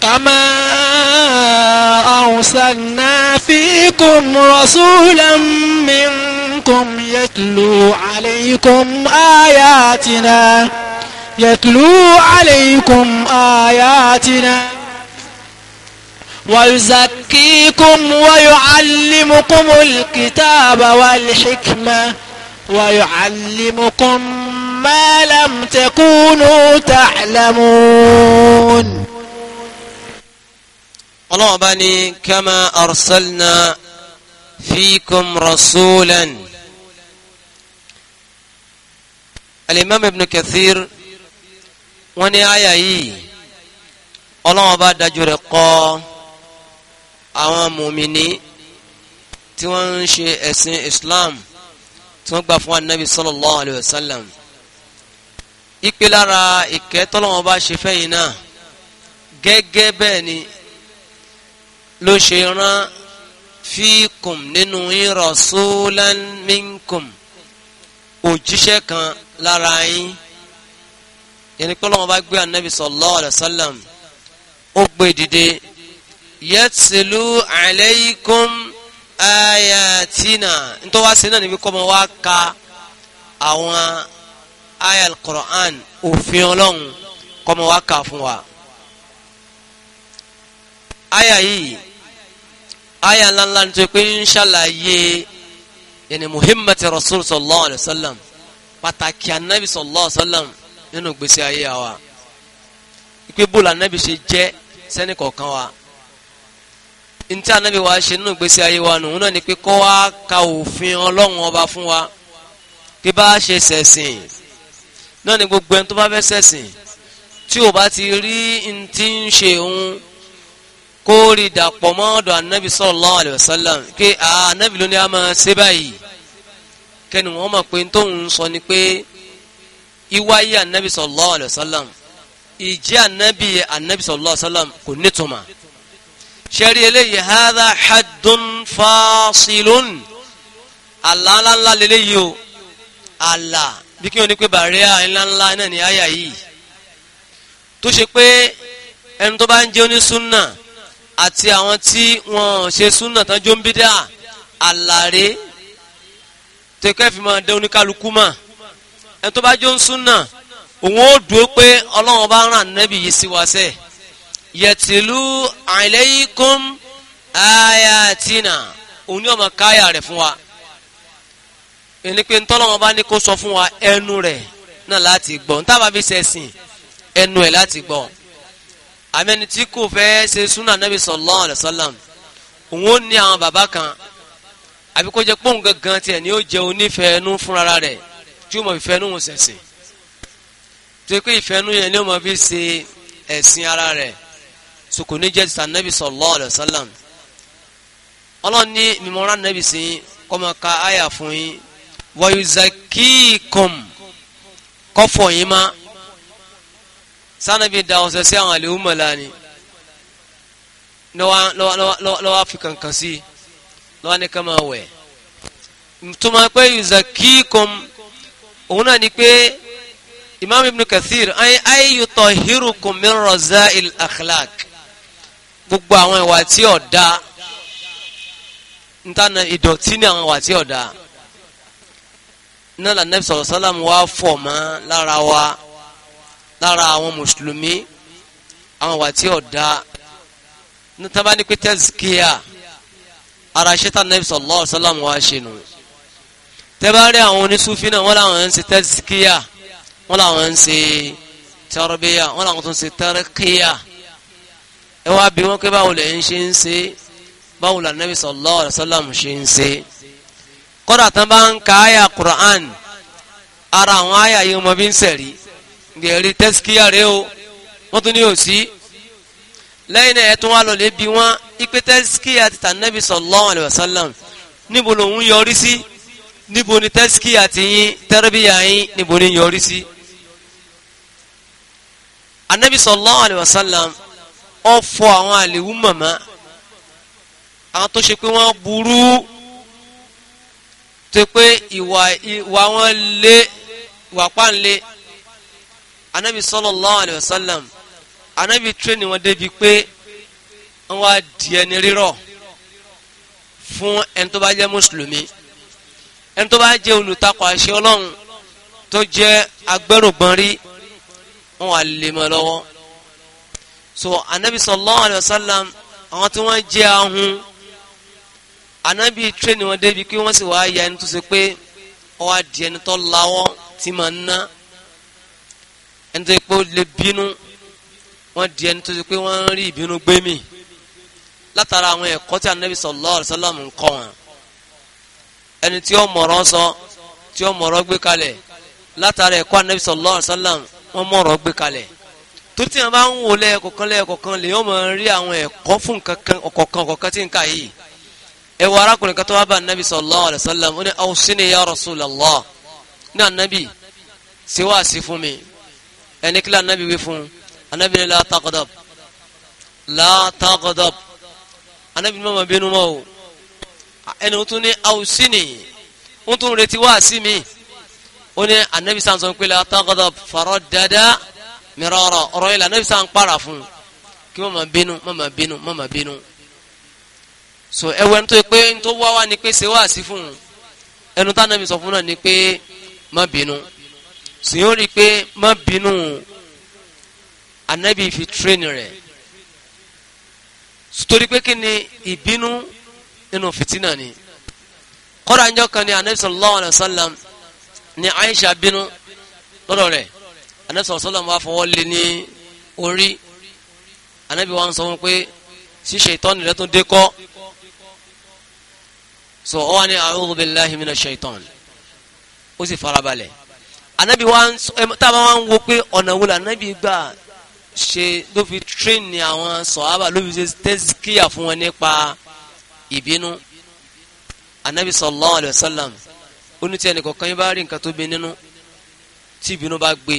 كما أرسلنا فيكم رسولا منكم يتلو عليكم آياتنا يتلو عليكم آياتنا ويزكيكم ويعلمكم الكتاب والحكمة ويعلمكم ما لم تكونوا تعلمون الله بني كما أرسلنا فيكم رسولا الإمام ابن كثير wọ́n ní àyà yìí ọlọ́wọ́n bá dájú rẹ̀ kọ́ àwọn mùmíní tí wọ́n ń ṣe ẹ̀sìn Islam tí wọ́n gbà fún anabi sallallahu alayhi wa sallam ipe lára ìkẹ́ tọ́lọ́wọ́n bá ṣe fẹ́ náà gẹ́gẹ́ bẹ́ẹ̀ ni ló ṣe rán fíkùm nínú yín rasulan òjíṣẹ́ kan lára yín yẹni pé ọlọ́wọ́n bá gbé anabi sallallahu alayhi wa sallam ó gbé dìde yẹtìlú alaykum ayatina nítorí wá sí náà níbi kọ́ mọ́ wá ka àwọn aya al-Qur'an òfin ọlọ́run kọ́ mọ́ wá ka fún wa. aya yìí aya ńláńlá nítorí pé ń ṣàlàyé yẹni muhimmati rasul sallallahu alayhi pàtàkì anabi sallallahu alayhi nínú ìgbésí ayé wa ìpè bó la nẹ́bi ṣe jẹ́ sẹ́ni kọ̀ọ̀kan wa ntí anabi wa ṣe nínú ìgbésí ayé wa nùhún náà ni pé kọ́ wa ka òfin ọlọ́run ọba fún wa kí bá ṣe ṣẹ̀sìn náà ni gbogbo ẹni tó bá fẹ́ ṣẹ̀sìn tí o bá ti rí ntí ń ṣe òun kó rí dàpọ̀ mọ́ ọ̀dọ̀ anabi sallallahu alaihi wasallam kí anabi ló ní a máa ṣe báyìí kẹ́ni wọ́n mọ̀ pé tóun sọ ni pé iwáyé anabi sallallahu alayhi wa sallam ìjẹ́ anabi anabi sallallahu alayhi wa sallam kò nítumọ̀ ṣẹ́rí eléyìí hádà haddun fásilun àlá ńláńlá lélẹ́yìí o àlá bí kí wọ́n ní pé bàríà ńláńlá náà ní àyà yìí tó ṣe pé ẹni tó bá ń jẹ́ onísúnà àti àwọn tí wọ́n ṣe súnà tán jó ń bídà àlàré tẹ́kẹ́ fi máa dẹ́ oníkálukú máa ẹni tó bá jó ń súnà òun ó dúró pé ọlọ́run bá ràn nẹ́bì yìí sí wa sẹ́ yẹtìlú alaykum ayatina òun ní ọmọ káyà rẹ̀ fún wa ẹni pé ntọ́lọ́wọ́n bá ní kó sọ fún wa ẹnu rẹ̀ náà láti gbọ́ ntàbá fi sẹ̀sìn ẹnu ẹ̀ láti gbọ́ àmẹ́ni tí kò fẹ́ ṣe súnà nẹ́bì sallallahu alaihi wasallam òun ó ní àwọn bàbá kan àbíkó jẹ́ tiẹ̀ ni ó jẹ́ onífẹ̀ẹ́ fúnra rẹ̀ tí ó mọ̀ fi fẹ́nu hùn sẹ̀sìn tó yẹ pé ìfẹ́nu yẹn ni ó mọ̀ fi ṣe ẹ̀sìn ara rẹ̀ sòkò ní jẹ́ sàn nẹ́bí sallallahu alaihi wasallam ọlọ́run ní mímọ́ra nẹ́bí sí kọ́mọ ka àyà fún yín wayuzakikum kọ́fọ̀ yín má sanabi da ọ̀sẹ̀ sí àwọn àlèhùn mọ̀lá ni lọ́wọ́ afikan kankan sí lọ́wọ́ ní ká máa wẹ̀ tó máa pé yuzakikum òun náà ni pé imam ibn kathir ay ay yutahhirukum min raza'il akhlaq gbogbo àwọn ìwà tí ó dá ntana ìdọ̀tí ni àwọn ìwà tí ó dá náà la nabi sallallahu alaihi wasallam wá fọ̀ mọ́ lára wa lára àwọn mùsùlùmí àwọn ìwà tí ó dá nítorí bá ní pé tazkiya ara ṣẹ́ta nabi sallallahu alaihi wasallam wá ṣe nù tẹ́bárí àwọn onísúfí náà wọ́n làwọn ń ṣe tẹ́síkíyà wọ́n làwọn ń ṣe tẹ́rọ̀bíyà wọ́n làwọn tó ń ṣe tẹ́rẹ́kíyà ẹ wá bí wọ́n pé báwo lè ń ṣe ń ṣe báwo lè nàbì sallallahu alaihi wasallam ṣe ń ṣe kọ́dà tán bá ń ka àyà Qur'an ara àwọn àyà yìí ọmọ bí ń sẹ̀rí gbèrè tẹ́síkíyà rẹ o wọ́n tún ní òsì lẹ́yìn náà ẹ tún wá lọ bí wọ́n ipe tẹ́síkíyà ti tà nàbì sallallahu alaihi wasallam níbo lòun yọrí sí níbo ni tẹ́síkì àti yín tẹ́rẹ́bíyà yín níbo ni yọrí sí. anabi sallallahu alayhi wa sallam ó fọ àwọn àlèwú màmá àwọn tó ṣe pé wọ́n burú tó pé ìwà ìwà wọn lé ìwà pàǹlé anabi sallallahu alayhi wa sallam anabi tírénì wọn débi pé wọ́n wá di ẹni rírọ̀ fún ẹni tó bá jẹ́ mùsùlùmí ẹni tó bá jẹ́ olùtakọ̀ àṣẹ ọlọ́run tó jẹ́ agbẹ́rùgbọ́n rí wọn wà lè mọ́ lọ́wọ́ so anabi sallallahu alayhi wa sallam àwọn tí wọ́n jẹ́ ahun anabi tírẹ́nì wọn débi kí wọ́n sì wá ya ẹni tó ṣe pé ó wá di ẹni tó lawọ́ tí màá ná ẹni tó ṣe pé ó lè bínú wọ́n di ẹni tó ṣe pé wọ́n rí ìbínú gbé mì látara àwọn ẹ̀kọ́ tí anabi sallallahu alayhi wa sallam ń kọ́ wọn ẹni tí ó mọ̀rọ̀ sọ tí ó mọ̀rọ̀ gbé kalẹ̀ látara ẹ̀kọ́ anabi sallallahu alaihi wasallam wọ́n mọ̀rọ̀ gbé kalẹ̀ tó tí wọn bá ń wò lẹ́ẹ̀kọ̀kan lẹ́ẹ̀kọ̀kan lè yọ́n máa rí àwọn ẹ̀kọ́ fún ọ̀kọ̀kan ọ̀kọ̀kan tí ń kà yìí ẹ wọ arákùnrin kan tó wá bá anabi sallallahu alaihi wasallam ó ní awsini ya rasulallah ní anabi ṣe wá sí fún mi o ẹni o tún ní àwùsí ni o tún retí wá sí mi o ní anabi sàn sọ pé la taqdab faradada mirara ọ̀rọ̀ yìí la anabi sàn para fún kí mama bínú mama bínú mama bínú so ẹwẹ́ ní tó yẹ pé ní tó wá wá ni pé ṣe wá sí fún un ẹnu tá anabi sọ fún náà ni pé má bínú sìnyóò rí i pé má bínú anabi fi tírénì rẹ̀ torí pé kí ni ìbínú nínú fìtínà ni kọ́ra ń jọ kan ní anabi Aisha binu, lọ́dọ̀ rẹ̀ anabi sallallahu alayhi wa sallam wà fọwọ́ lé ní orí anabi wa ń sọ wọn pé ṣíṣe ìtọ́ni rẹ tó so ọ wá ní a'udhu billahi minash shaitan ó sì farabalẹ̀ anabi wa ń sọ tábà wa ń wo pé ọ̀nà wo la anabi gbà ṣe ló fi tírínì àwọn sọ̀hábà ló fi ṣe tẹ́síkìyà fún wọn nípa ìbínú anabi sallallahu alayhi wa sallam oníti ẹnìkọ̀ọ̀kan yín bá rí nǹkan tó bí nínú tí ìbínú bá gbé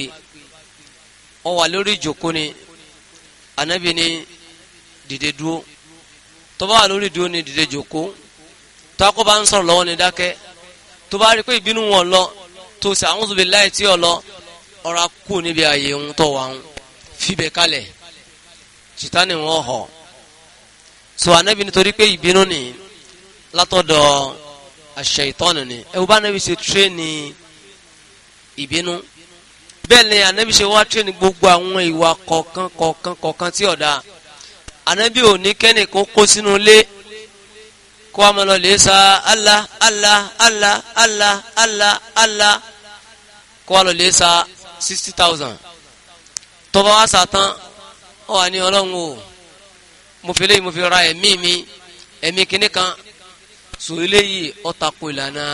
ọ wà lórí ìjòkó ni anabi ní dìde dúó tó bá wà lórí dúó ni dìde jòkó tó akọ́ bá ń sọ̀rọ̀ lọ́wọ́ ni dákẹ́ tó bá rí pé ìbínú wọn lọ tó sì a'udhu billahi tí ọ lọ ọ̀rọ̀ kù níbi ààyè ń tọ̀ wà ń fibẹ̀ kalẹ̀ sìtánì wọn hàn so anabi nítorí pé ìbínú ni látọ̀dọ̀ aṣ-ṣaitọ́nù ni ẹ wo bá anabi ṣe tírénì ìbínú bẹ́ẹ̀ ni anabi ṣe wá tírénì gbogbo àwọn ìwà kọ̀ọ̀kan kọ̀ọ̀kan kọ̀ọ̀kan tí ọ̀dà anabi ò ní kẹ́nì kó kó sínú ilé kó a máa lọ lè sa Allah Allah Allah Allah Allah Allah kó a lọ lè sa sixty thousand tọ́ba wa sàtán ọ̀ wà ọlọ́run o mo fi léyìí mo fi ra ẹ̀mí mi ẹ̀mí kìíní kan sọ eléyìí ọ̀tako ìlànà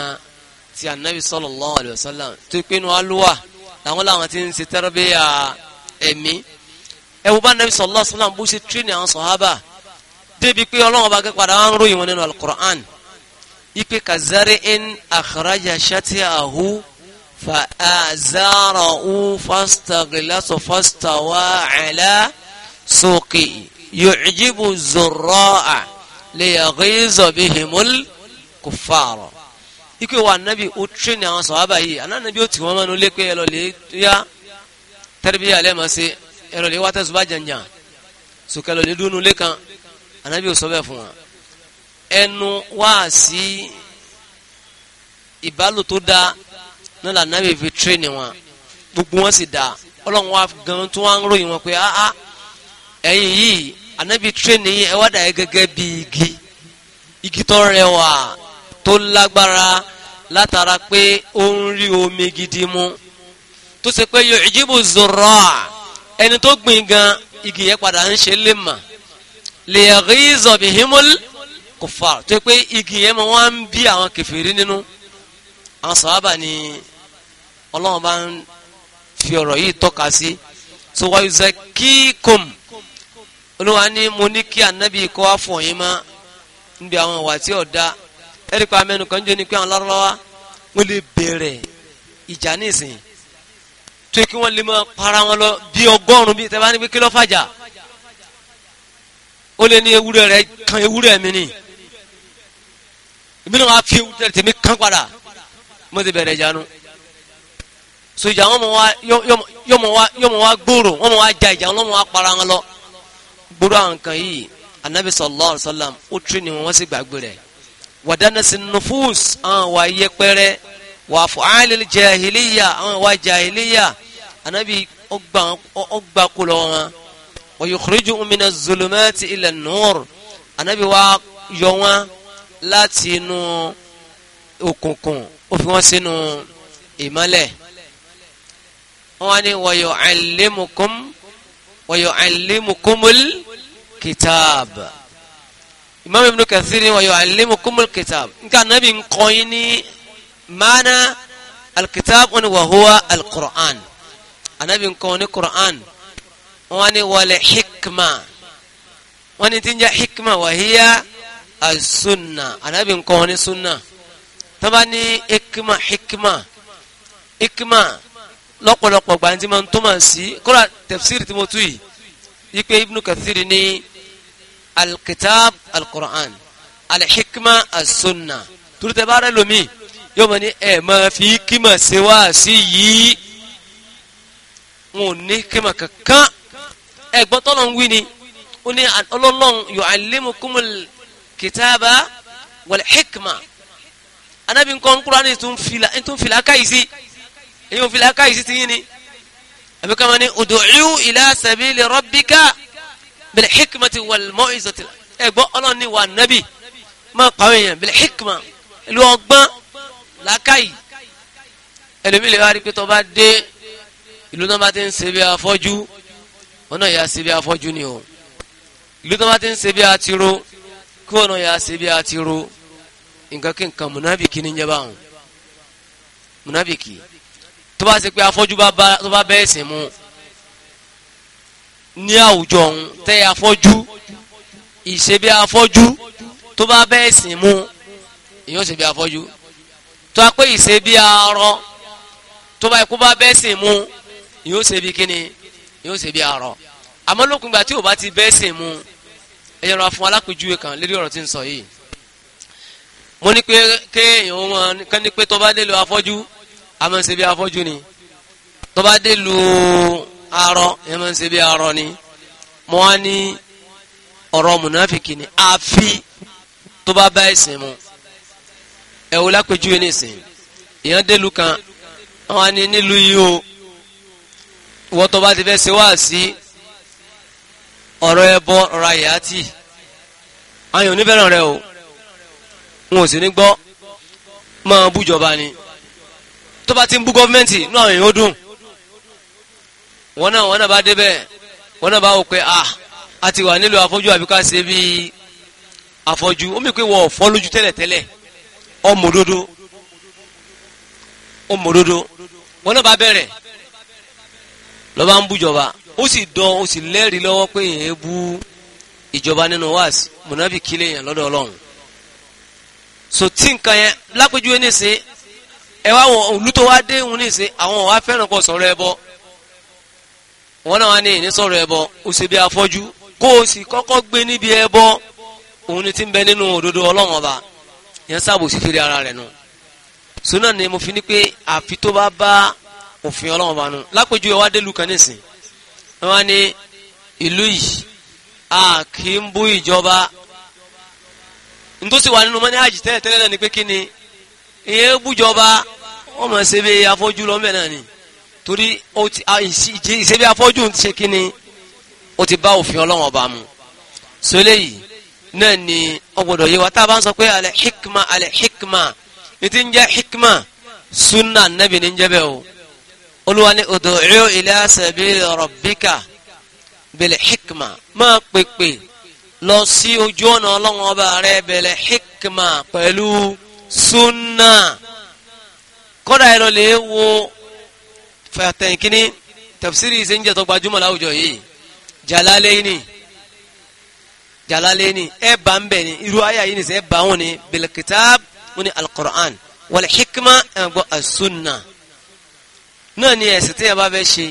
ti anabi sallallahu alayhi wa sallam tó pinnu alúwà làwọn làwọn ti ń ṣe tẹ́rẹ́bíyà ẹ̀mí ẹ̀wù bá anabi sallallahu alayhi bó ṣe tírínì àwọn sọ̀hábà débi pé ọlọ́run bá kẹ́kọ̀ọ́ àwọn arúgbó nínú alukur'an ipe kazari in akhraja shati'ahu fa azarahu fastaghilasa fastawa ala suqihi yòòjìbù zòrọ́à lè yàgézọ̀ bí himul kùfàrọ̀ ikú wa anabi ó tún ní àwọn sọ̀hábà yìí anabi ó tì wọ́n mọ́nu lé pé ẹ lọ lè yá tẹ́rẹ́bí alẹ́ mọ̀ sí ẹ lọ lè wá tẹ̀sùbá jàǹjà sùkẹ́ lọ lè dúnú lé wa ẹnu wá sí ìbálò tó dáa náà lànà bí fi tírínì wọn gbogbo wọn sì dáa ọlọ́run wa gan tó wá ń ròyìn wọn pé áá ẹ̀yin yìí anabi tírénì yìí ẹ wá dà yẹ gẹ́gẹ́ bí igi igi tó rẹwà tó lágbára látara pé ó ń rí omi gidi mu tó ṣe pé yu'jibu zurra' ẹni tó gbìn gan igi yẹn padà ń ṣe lè mà liyaghiza bihimul kuffar tó ṣe pé igi yẹn máa wá bí àwọn kèfèrí nínú àwọn sàhábà ni ọlọ́run bá ń fi ọ̀rọ̀ yìí tọ́ka sí so wa yuzakikum olúwa ní mo ní kí anabi kọ́ afọ yín mọ́ níbi àwọn ìwà tí ọ̀dá ẹ̀rí pa mẹ́nu kan jẹ́ ni pé àwọn lọ́wọ́ wọ́n lè bẹ̀rẹ̀ ìjà nísìn tó kí wọ́n lè máa para wọn lọ bí ọgọ́rùn bí tẹ́ bá ní kí ló fàjà ó lè ní ewúrẹ́ rẹ kan ewúrẹ́ mi ni èmi náà wá fi ewúrẹ́ tèmi kan padà mo ti bẹ̀rẹ̀ ìjánu so ìjà wọn mọ wá yọmọ wá gbòòrò wọn mọ wá ja ìjà wọn mọ wá para wọn lọ gbogbo àwọn nǹkan yìí anabi sallallahu alayhi wa sallam ó tún ni wọ́n sì gbàgbé rẹ̀ wàdánà sí nufus àwọn wà yẹpẹrẹ wà fa'alil jahiliya àwọn wà jahiliya anabi ó gbà kó lọ wọn wa yukhrijuhum mina zulumati ila nur anabi wà yọ wọn láti inú òkùnkùn ó fi wọn sínú ìmọ́lẹ̀ wọn ni wa yu'allimukum wa yu'allimukumul. كتاب امام ابن كثير ويعلمكم الكتاب ان كان نبي قويني معنى الكتاب وهو القران النبي قويني قران واني ولحكمه واني تنجا حكمه وهي السنه النبي قويني سنه طبعا حكمه حكمه حكمه لوقو لوقو غانتي مان تومانسي كرا تفسير تيموتوي يبقى ابن كثير ني alkitab alquran alhikma asunna turutẹ baara lomi yóò mọ ni ẹ máa fi kíma se wá sí yìí n ò ní kíma kankan ẹ gbọ́ tọ́lọ̀ ń wí ni ó ní ọlọ́lọ́n yu'allimukumul kitaba wal hikma anabi nǹkan kúránì tún fìlà káyìsí èyí ò fìlà káyìsí ti yín ni ni ud'u ila sabili rabbika bil hikmati wal mau'izati ẹ̀gbọ́n ọlọ́ni wà nábì máa pàwọn èèyàn bil hikma ìlú ọgbọ́n làákàyè ẹlòmí lè wá rí pé tó bá dé ìlú náà bá ti ń ṣe bí afọ́jú wọn náà yà ṣe bí afọ́jú ni o ìlú náà bá ti ń ṣe atiro kí wọn náà yà ṣe bí atiro nǹkan kí nǹkan mùnàbìkì ní jẹba àwọn mùnàbìkì tó bá ṣe pé afọ́jú tó bá bẹ́ẹ̀ ní àwùjọ ọ̀hún tẹ́ afọ́jú ìṣe bí afọ́jú tó bá bẹ́ẹ̀ sìn mú èyàn ṣe bí afọ́jú tó a pé ìṣe bí arọ tó bá ikú bá bẹ́ẹ̀ sìn mú èyàn ṣe bí kíni èyàn ṣe bí arọ àmọ́ lókun ìgbà tí ò bá ti bẹ́ẹ̀ sìn mú ẹ̀yẹ rọra fún alápèjúwe kan lérí ọ̀rọ̀ tí ń sọ yìí mo ní pé kéèyàn wọn kán ní pé tó bá dé afọ́jú àmọ́ ṣe bí afọ́jú ni tó bá dé Lo arọ yẹn máa ń ṣe bí arọ ni mo wá ní ọ̀rọ̀ mùnáfìkì ni àfi tó bá bá ẹ̀sìn mu ẹ wò lápẹjú yẹn nìsín èèyàn délu kan wọn ni nílùú yìí o wọ́n tó bá ti fẹ́ ṣe wá sí ọ̀rọ̀ ẹbọ ọ̀rọ̀ àyàtì ayọ̀ onífẹ́ràn rẹ o wọn ò sì ní gbọ́ máa bú ìjọba ni tó bá ti ń bú gọ́fíńmẹ́ǹtì náà èèyàn dùn wọn náà wọn náà bá débẹ̀ wọn náà bá wò pé ah a ti wà nílò afọ́jú àbí ká ṣe bí afọ́jú ó mi pé wọ́n fọ́ lójú tẹ́lẹ̀tẹ́lẹ̀ ọmọdodo ọmọdodo wọn náà bá bẹ̀rẹ̀ lọ́ba ń bújọba ó sì dán ó sì lẹ́rìí lọ́wọ́ pé èèyàn bú ìjọba nínú wáàsí mùnàbí kílẹ̀ èèyàn lọ́dọ̀ ọlọ́run so tí nǹkan yẹn lápẹjú ẹ ní sè é ẹ wá wọn olùtọ́wádé ń ní sè àwọn ò fẹ́ràn kọ sọ̀rọ̀ ẹ bọ́ wọn náà wá ní ìní sọ̀rọ̀ ẹbọ ó sì bí afọ́jú kó o sì kọ́kọ́ gbé níbi ẹbọ òun ni ti ń bẹ nínú òdodo ọlọ́run ọba yẹn sábò sì fi ara rẹ̀ nù sónà ni mo fi ní pé àfi tó bá bá òfin ọlọ́run ọba nù lápèjúwe wá délùú kan nísìn wọn wá ní ìlú yìí a kì í bú ìjọba ntòsí wà nínú mọ́níhàjì tẹ́lẹ̀ tẹ́lẹ̀ náà ni pé kí ni ìyẹn bújọba wọ́n mọ̀ ṣe bí afọ́jú lọ́mọ náà ni torí ó ti ìṣebí afọ́jú ti ṣe kíni ó ti bá òfin ọlọ́run ọba mu so eléyìí náà ni ọgbọ́dọ̀ yé wa tá a bá ń sọ pé alẹ́ hikma alẹ́ hikma ní ń jẹ́ hikma sunna nabi ní ń jẹ́ bẹ́ẹ̀ o olúwa ni ud'u ila sabili rabbika bil hikma máa pèpè lọ sí ojú ọ̀nà ọlọ́run ọba rẹ bil hikma pẹ̀lú sunna kódà ẹ wo fàtẹ̀yìn kínní tafsiri ìsẹ́njẹ́ tó gbajúmọ̀ láwùjọ yìí jàlálẹ́yìnì jàlálẹ́yìnì ẹ bá ń bẹ̀ ni irú ayé yìí nìsẹ́ bá wọn ni bilkitab wọn ni alqur'an wal hikma ẹ̀gbọ́n asunna náà ni ẹ̀sìn tí yẹn bá fẹ́ ṣe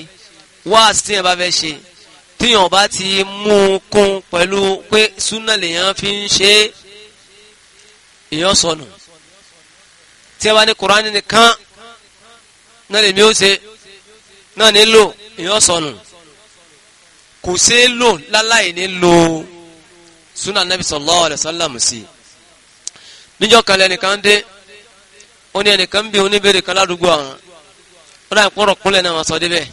wáàsì tí yẹn bá fẹ́ ṣe tí yẹn ti mú un kún pẹ̀lú pé sunna lèyàn fi ń ṣe èèyàn sọnù tí bá ní qur'an nìkan náà lèmi ó ṣe. náà nílò èèyàn sọnù kò ṣeé lò láláì nílò sunna nabi sallallahu alayhi wa sallam sí níjọ́ kan lẹ́nìkan dé ó ní ẹnìkan bí oníbèrè kan ládùúgbò àwọn ó dà náà sọ débẹ̀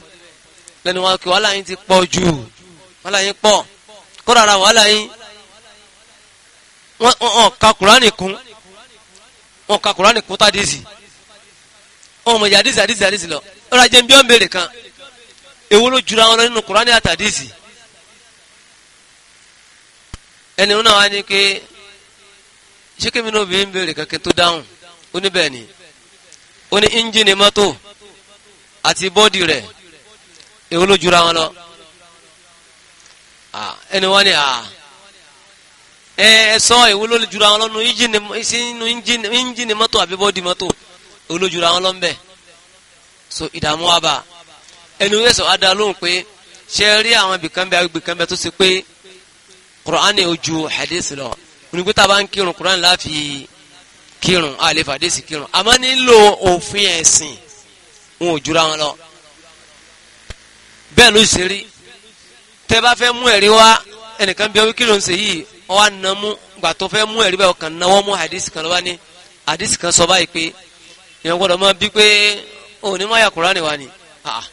lẹ́nu wọn kí wàhálà yín ti pọ jù wàhálà yín kó rárá wàhálà yín ka kurani ka kurani tá dizi yà dizi ọ̀rọ̀ ajẹ́ bí wọ́n béèrè kan èwo ló jura wọn nínú Kùránì àtàdísì ẹni wọn náà wá ní pé ṣé kí mi náà bí ń béèrè kankan tó dáhùn ó ní bẹ́ẹ̀ ni ó ní ẹ́ńjìnì mọ́tò àti bọ́ọ̀dì rẹ̀ èwo ló jura wọn lọ ẹni wọn ni ẹ sọ èwo ló jura wọn lọ nínú ẹ́ńjìnì mọ́tò àbí bọ́ọ̀dì mọ́tò èwo ló jura wọn lọ ń bẹ́ẹ̀ so ìdààmú wa bá ẹni wíwẹ̀ sọ adá lóhùn pé ṣe rí àwọn ibìkan bẹ agbègbèkan bẹ tó ṣe pé kùránì ojú hadith lọ onígbé tá a bá ń kírun kùránì láàfi kírun a lè fàdésì kírun àmọ́ nílò òfin ẹ̀sìn wọn ò jura wọn lọ bẹ́ẹ̀ ló ṣe rí tẹ́ bá fẹ́ mú ẹ̀rí wá ẹnìkan bí ọwọ́ kírun ṣe yìí ọwọ́ ànàmú gbà tó fẹ́ mú ẹ̀rí bẹ́ẹ̀ ọkàn náwó mú hadith kan lọ́wọ́ ní hadith kan sọ báyìí pé ìyẹn gbọ́dọ̀ mọ bí pé òun ní máyà kúránì wa ni ah,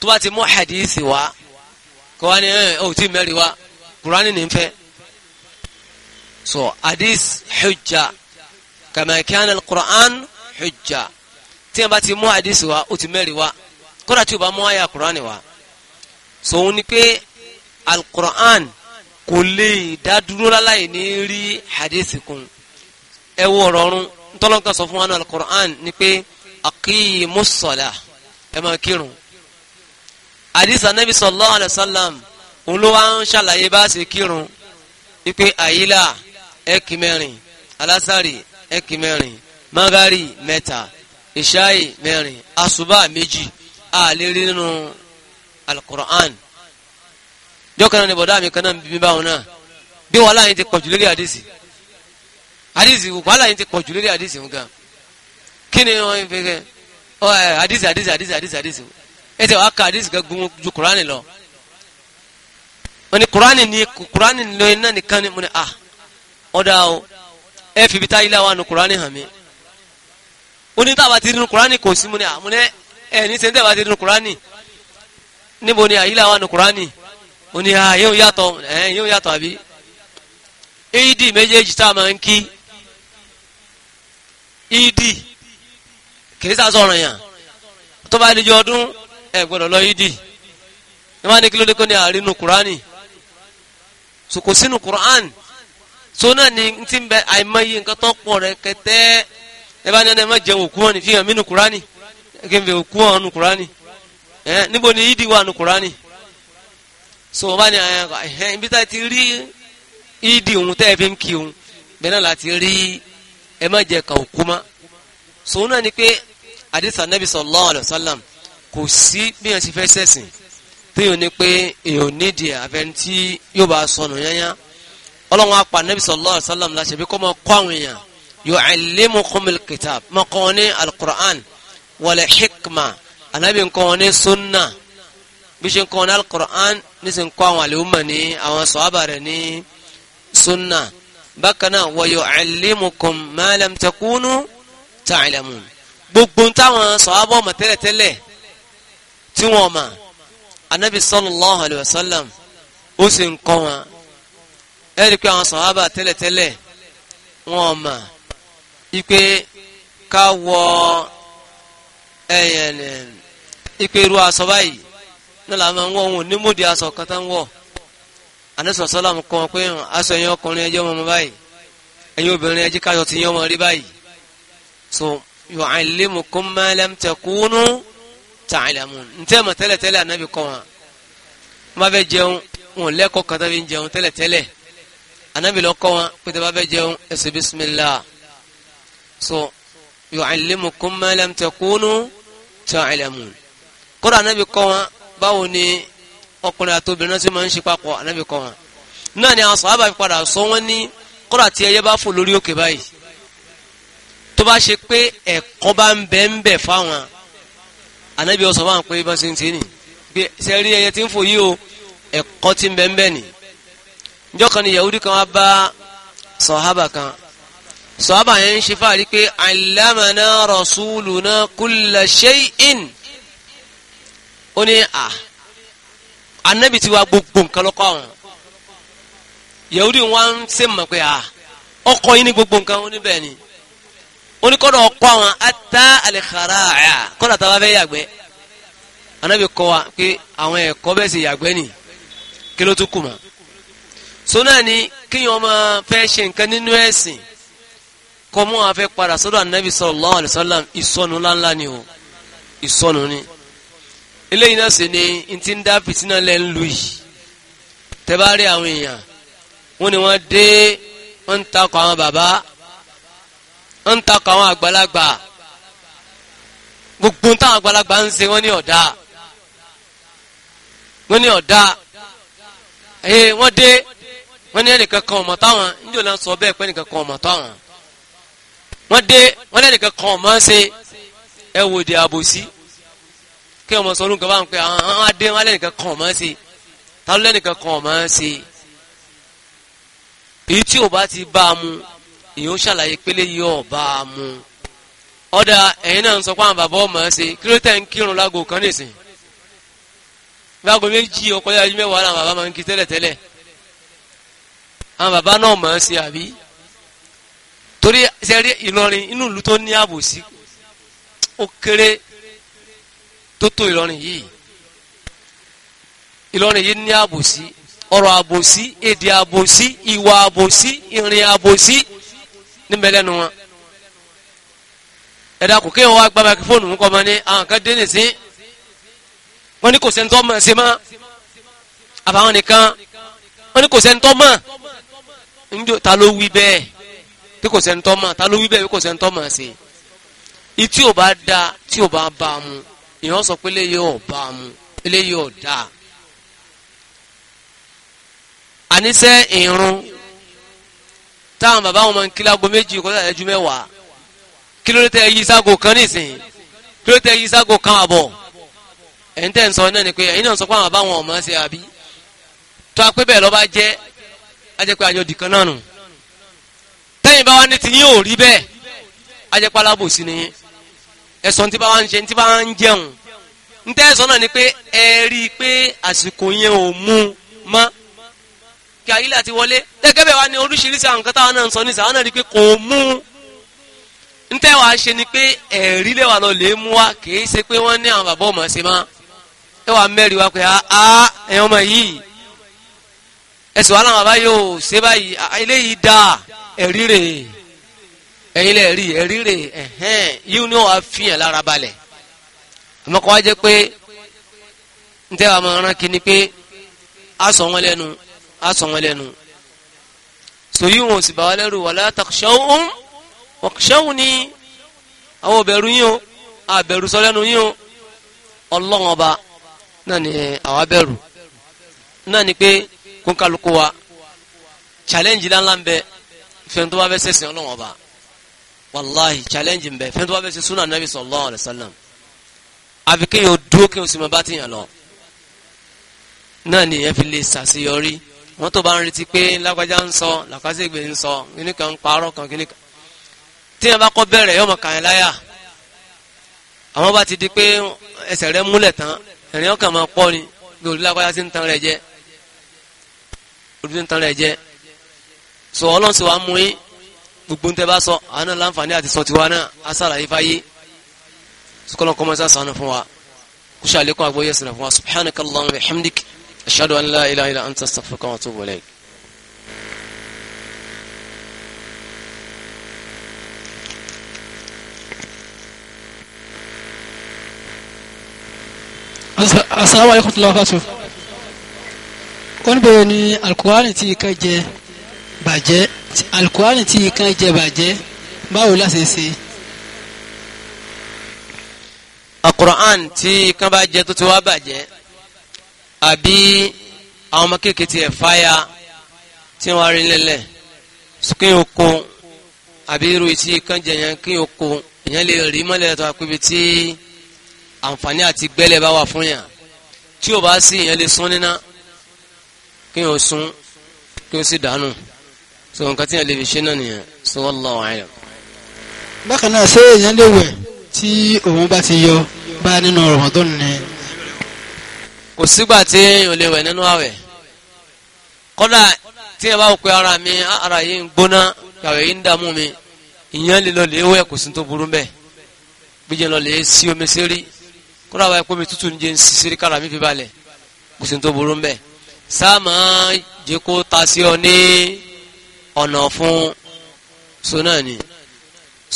tó bá ti mú hadithi wa kó wá ní ẹ ò tí mẹ́rin wa kúránì ní fẹ́ so hadith hujja kama kana al-Qur'an hujja tí a bá ti mú hadith wa ó ti mẹ́rin wa kódà tí o bá mú àyà kúránì wa so òun ni pé al-Qur'an kò lè dá dúró láláì ní rí hadith kún ẹ wọ ọ̀rọ̀ ọ̀run ntọ́lọ́nkà sọ fún wa ní al ni pé aqimu ssalah ẹ máa kírun àdìsí anabi sallallahu alayhi wa sallam òun ló wá ń ṣàlàyé bá a ṣe kírun wípé àyílà ẹkì mẹ́rin alásàrì ẹkì mẹ́rin magari mẹ́ta ìṣáì mẹ́rin àsùbà méjì àlérí nínú alukur'an jọ́kànnà ni bọ̀dá mi kan náà bí báwọn náà bí wàhálà yín ti pọ̀jù lórí àdìsí àdìsí wàhálà yín ti pọ̀jù lórí àdìsí nǹkan kí ni wọ́n fi kẹ́ ọ ẹ àdìsí àdìsí àdìsí àdìsí àdìsí ẹ tẹ wàá ka àdìsí kan gun ju kùránì lọ wọ́n ní kùránì ní lọ iná nìkan ni mo ní à ah, ọ̀dà o ẹ fi ibi tá ilé wa nu kùránì hàn mí ó ni táwa ti nu kùránì kò sí mo ní à ah, mo ní ẹ ní sẹ́ni táwa ti nu kùránì níbo ni àyílẹ̀ wa nu kùránì ó ní à ah, yóò yàtọ̀ ẹ yóò yàtọ̀ àbí ìdí méjèèjì tá a máa ń kí ìdí kìí sá sọ̀rọ̀ yàn tó bá dijọ́ ọdún ẹ gbọ́dọ̀ lọ yídì ẹ má ní kí ló dé kó ní àárínú kùránì so kò sínú kùránì so náà ni n ti bẹ àìmọye nǹkan tó pọ̀ rẹ kẹtẹ́ ẹ bá ní ẹni ẹ má jẹun òkú wọn ní fihàn mí nu kùránì kí n bẹ òkú wọn nu kùránì ẹ níbo ni yídì wà nu kùránì so wọn bá ní ẹ ibi tá a ti rí yídì òun tẹ́ ẹ fi ń kí òun bẹ́ẹ̀ náà láti rí ẹ má jẹ kà òkú ma so náà ni pé àdìsá nabi sallallahu alayhi wa sallam kò sí bí wọ́n ti fẹ́ sẹ̀sìn téèyàn ní pé èèyàn nídìí àfẹn tí yóò bá sọnù yányá ọlọ́run apá nabi sallallahu alayhi wa sallam láṣẹ bí kò máa kọ́ àwọn èèyàn yu'allimukumul kitab máa kọ́ wọn ní alukur'an wàlẹ̀ hikma anabi kọ́ wọn ní sunna bí ṣe ń kọ́ ní alukur'an ní sì kọ́ àwọn àlèhùnmá ní àwọn sọ̀hábà ní sunna bákan náà wa yu'allimukum ma lam gbogbo táwọn sọ̀hábọ̀ mọ̀ tẹ́lẹ̀tẹ́lẹ̀ tí wọ́n mọ̀ anabi sallallahu alayhi wa sallam ó sì ń kọ́ wọn ẹ rí i pé àwọn sọ̀hábà tẹ́lẹ̀tẹ́lẹ̀ wọ́n mọ̀ ipe ká wọ ẹ̀yẹn ipe irú aṣọ báyìí náà làwọn máa ń wọ òun onímọ̀dé aṣọ kan tá wọ̀ anabi sallallahu kọ́ wọn yu'allimukum ma lam takunu ta'lamun ntẹ́ mọ̀ tẹ́lẹ̀tẹ́lẹ̀ anabi kọ́ wọn má fẹ́ jẹun wọn lẹ́kọ̀ọ́ kan tó fi ń jẹun tẹ́lẹ̀tẹ́lẹ̀ anabi lọ kọ́ wọn pété má fẹ́ jẹun ẹ so yu'allimukum ma lam takunu ta'lamun kódà anabi kọ́ wọn báwo ni ọkùnrin àti obìnrin náà ti máa ń ṣe papọ̀ anabi kọ́ wọn náà ni àwọn sọ̀rọ̀ sọ wọn ní kódà tí ẹyẹ bá fò lórí òkè báyìí tó bá ṣe pé ẹ̀kọ́ bá ń bẹ ń bẹ fáwọn ànábì ọ̀sán fáwọn pé bá ṣe ń tẹ́ni pé ṣe rí ẹyẹ tí ń fò yí o ẹ̀kọ́ tí ń bẹ ń bẹ nì njọ́ kan ni yahudi kan wá bá sọ̀hábà kan sọ̀hábà yẹn ń ṣe fáàrí pé allamana rasuluna kulla ó ní à ànábì ti wá gbogbo nǹkan lọ́kọ́ àwọn yahudi wọn ṣe mọ̀ pé à ọkọ̀ yín ní gbogbo nǹkan ó ní bẹ́ẹ̀ ni oníkọ́dọ̀ ọkọ ata alìkàràà kọ́dà tá a bá fẹ́ yàgbẹ́ anábì kọ́ wa pé àwọn ẹ̀kọ́ bẹ́ẹ̀ ni kíyàn máa fẹ́ ṣe nǹkan nínú ẹ̀sìn kọ́ mọ́ àfẹ́ padà sọ́dọ̀ anábì sallallahu alaihi wasallam ìsọnù ńláńlá ni o ìsọnù ni eléyìí náà sì ni n ti ń dá fìtínà yìí tẹ́ àwọn èèyàn wọ́n ni wọ́n dé wọ́n ń takọ̀ àwọn bàbá ń takọ àwọn àgbàlagbà gbogbo táwọn àgbàlagbà ń ṣe wọ́n ní ọ̀dá wọ́n ní ọ̀dá ee wọ́n dé wọ́n ní ẹnìkan kan ọ̀mọ̀ táwọn níjọ́ náà sọ bẹ́ẹ̀ pé ẹnìkan kan ọ̀mọ̀ táwọn wọ́n dé wọ́n lẹ́nìkan kan ọ̀mọ̀ ṣe ẹ wò de àbòsí kí ọmọ sọ orúkọ bá ń pẹ àwọn adé wọn lẹ́nìkan kan ọ̀mọ̀ ṣe ta ló lẹ́nìkan kan ọ̀mọ̀ ṣe èyí tí ò bá ti bá a mu ìyóò ṣàlàyé pélé yìí ọba mu ọ̀dà ẹ̀yin náà ń sọ pé àwọn bàbá ọmọ ẹ ṣe kí ló tẹ̀ ń kírun lágò kan nìsín lágò méjì ọkọ̀ yára ju mẹ́wàá làwọn bàbá máa ń kí tẹ́lẹ̀tẹ́lẹ̀ àwọn bàbá náà mọ̀ ẹ́ ṣe àbí torí ṣe rí Ìlọrin inú ìlú tó ní àbòsí ó kéré tó tó Ìlọrin yìí Ìlọrin yìí ní àbòsí ọ̀rọ̀ àbòsí èdè àbòsí ìwà àbòsí ìrìn àbòsí níbẹ̀ lẹ́nu wọn ẹ̀dá kò kéèyàn wá gba máikrófóònù mú kọ́ ọmọ ní àwọn ah, kan dé nìsín wọ́n ní kò sẹ́ńtọ́ mọ̀ ṣe mọ́ àbáwọn nìkan wọ́n ní kò sẹ́ńtọ́ mọ̀ njó ta ló wí bẹ́ẹ̀ tí kò sẹ́ńtọ́ mọ̀ ta ló wí bẹ́ẹ̀ bí kò sẹ́ńtọ́ mọ̀ ṣe ìtí ò bá da tí ò bá bá a mu èèyàn sọ pé eléyìí ò bá a mu eléyìí ò da àníṣe ìrun táwọn bàbá wọn máa ń kí lágo méjì kó sàlẹ̀ ju mẹ́wàá kí ló dé tẹ yí ságo kan nísìn kí ló dé tẹ yí ságo kan àbọ̀ ẹ̀ ń tẹ̀ ń sọ náà ni pé ẹ̀yin náà sọ pé àwọn bàbá wọn ò máa ṣe àbí tó a pé bẹ́ẹ̀ lọ́ba jẹ́ ajẹ́ pé àjọ dìkan náà nù tẹ́yìn bá wa ní tiyín ò rí bẹ́ẹ̀ ajẹ́ pé alábòsí ni ẹ̀sán tí bá wa ń ṣe tí bá wa ń jẹun ń tẹ́ ẹ̀sán náà ni pé ẹ rí i pé àsìkò yẹn ò mú mọ́ kí ayílẹ̀ àti wọlé gẹ́gẹ́ bẹ́ẹ̀ wá ní oríṣiríṣi àwọn nǹkan táwọn náà ń sọ ní sàwọn rí pé kò mú un ṣe ni pé ẹ̀rí lẹ́wà lọ lè mú wa kì í ṣe pé wọ́n ní àwọn bàbá ọmọ ṣe má ẹ mẹ́rin wa pé a ẹ̀yàn ọmọ yìí ẹ̀sùn bàbá yóò ṣe báyìí eléyìí dá ẹ̀rí rè ẹ̀yìn lẹ̀ rí ẹ̀rí rè ẹ̀hẹ́n a sọ àsọ wọn lẹ́nu sòyí wọn si sì bá wa lẹ́rù wala takhshawhum wakhshawni àwọn òbẹ̀rù yín o àbẹ̀rù sọ lẹ́nu yín o nani ọba náà ni àwọn abẹ́rù wa challenge ńláńlá ń bẹ fẹ́ni tó bá fẹ́ sẹ́sìn ọlọ́run ọba challenge ń bẹ fẹ́ni tó bá fẹ́ sẹ́ sunnah nabi sallallahu alayhi wa sallam àfi kéèyàn dúró kéèyàn sì máa bá ti yàn lọ náà ni ẹ fi lè ṣàṣeyọrí wọn tó bá ń retí pé lágbájá ń sọ làkàṣègbè ń sọ kíní kan ń parọ́ kan kíní kan tí wọn bá kọ́ bẹ̀rẹ̀ yọmọ kàn láyà àwọn bá ti di pé ẹsẹ̀ rẹ̀ múlẹ̀ tán ẹ̀rín ọkàn máa pọ̀ ni lórí lágbájá sí ń tan rẹ̀ jẹ́ olùdó ń tan rẹ̀ jẹ́ so ọlọ́run sì wá mú yín gbogbo ń tẹ́ bá sọ àwọn náà láǹfààní àti sọ tiwa náà asàlàyé fáyé sukọlọ́n kọ́mọ́sá sànù fún wa sànù fún wa subhanakallahumma wa bihamdik. أشهد أن لا إله إلا أنت استغفرك وأتوب إليك السلام عليكم ورحمة الله وبركاته kọ́nbẹ̀ ni alukurani tí kan jẹ bàjẹ́ alukurani tí kan jẹ bàjẹ́ báwo la ṣe ṣe. alukurani tí kan bá jẹ tó ti wá bàjẹ́. àbí àwọn ọmọ kéèké ti ẹ̀ fáyà tí wọ́n rí lẹ́lẹ̀ kínyìn oko àbí irú etí kànjẹ̀ yẹn kínyìn oko èèyàn lè rí mọ́lẹ̀ tó apébi tí àǹfààní àti gbẹ́lẹ̀ bá wà fún yàn tí o bá sí èèyàn lè sún níná kínyìn o sún kí o sì dànù so nǹkan tí yàn lè fi ṣe náà nìyẹn so wallahu a'lam. bákan náà ṣé èèyàn lè wẹ̀ tí òun bá ti yọ bá nínú Ramadan nìyẹn kò sígbà tí èèyàn lè wẹ̀ nínú àwẹ̀ kọ́dà tí ẹ bá wò pé ara mi ah, ara yìí ń gbóná àwẹ̀ yìí ń dààmú mi ìyẹn lè lọ lè wẹ̀ kò sí tó burú mbẹ́ gbígbé lọ lè sí omi sérí kọ́dà wáyé pé omi tútù ń jẹ́ ń sí sérí kára mi fi balẹ̀ kò sí tó burú mbẹ́ sáàmà jẹ́ ta sí ọ ní ọ̀nà fún so náà ni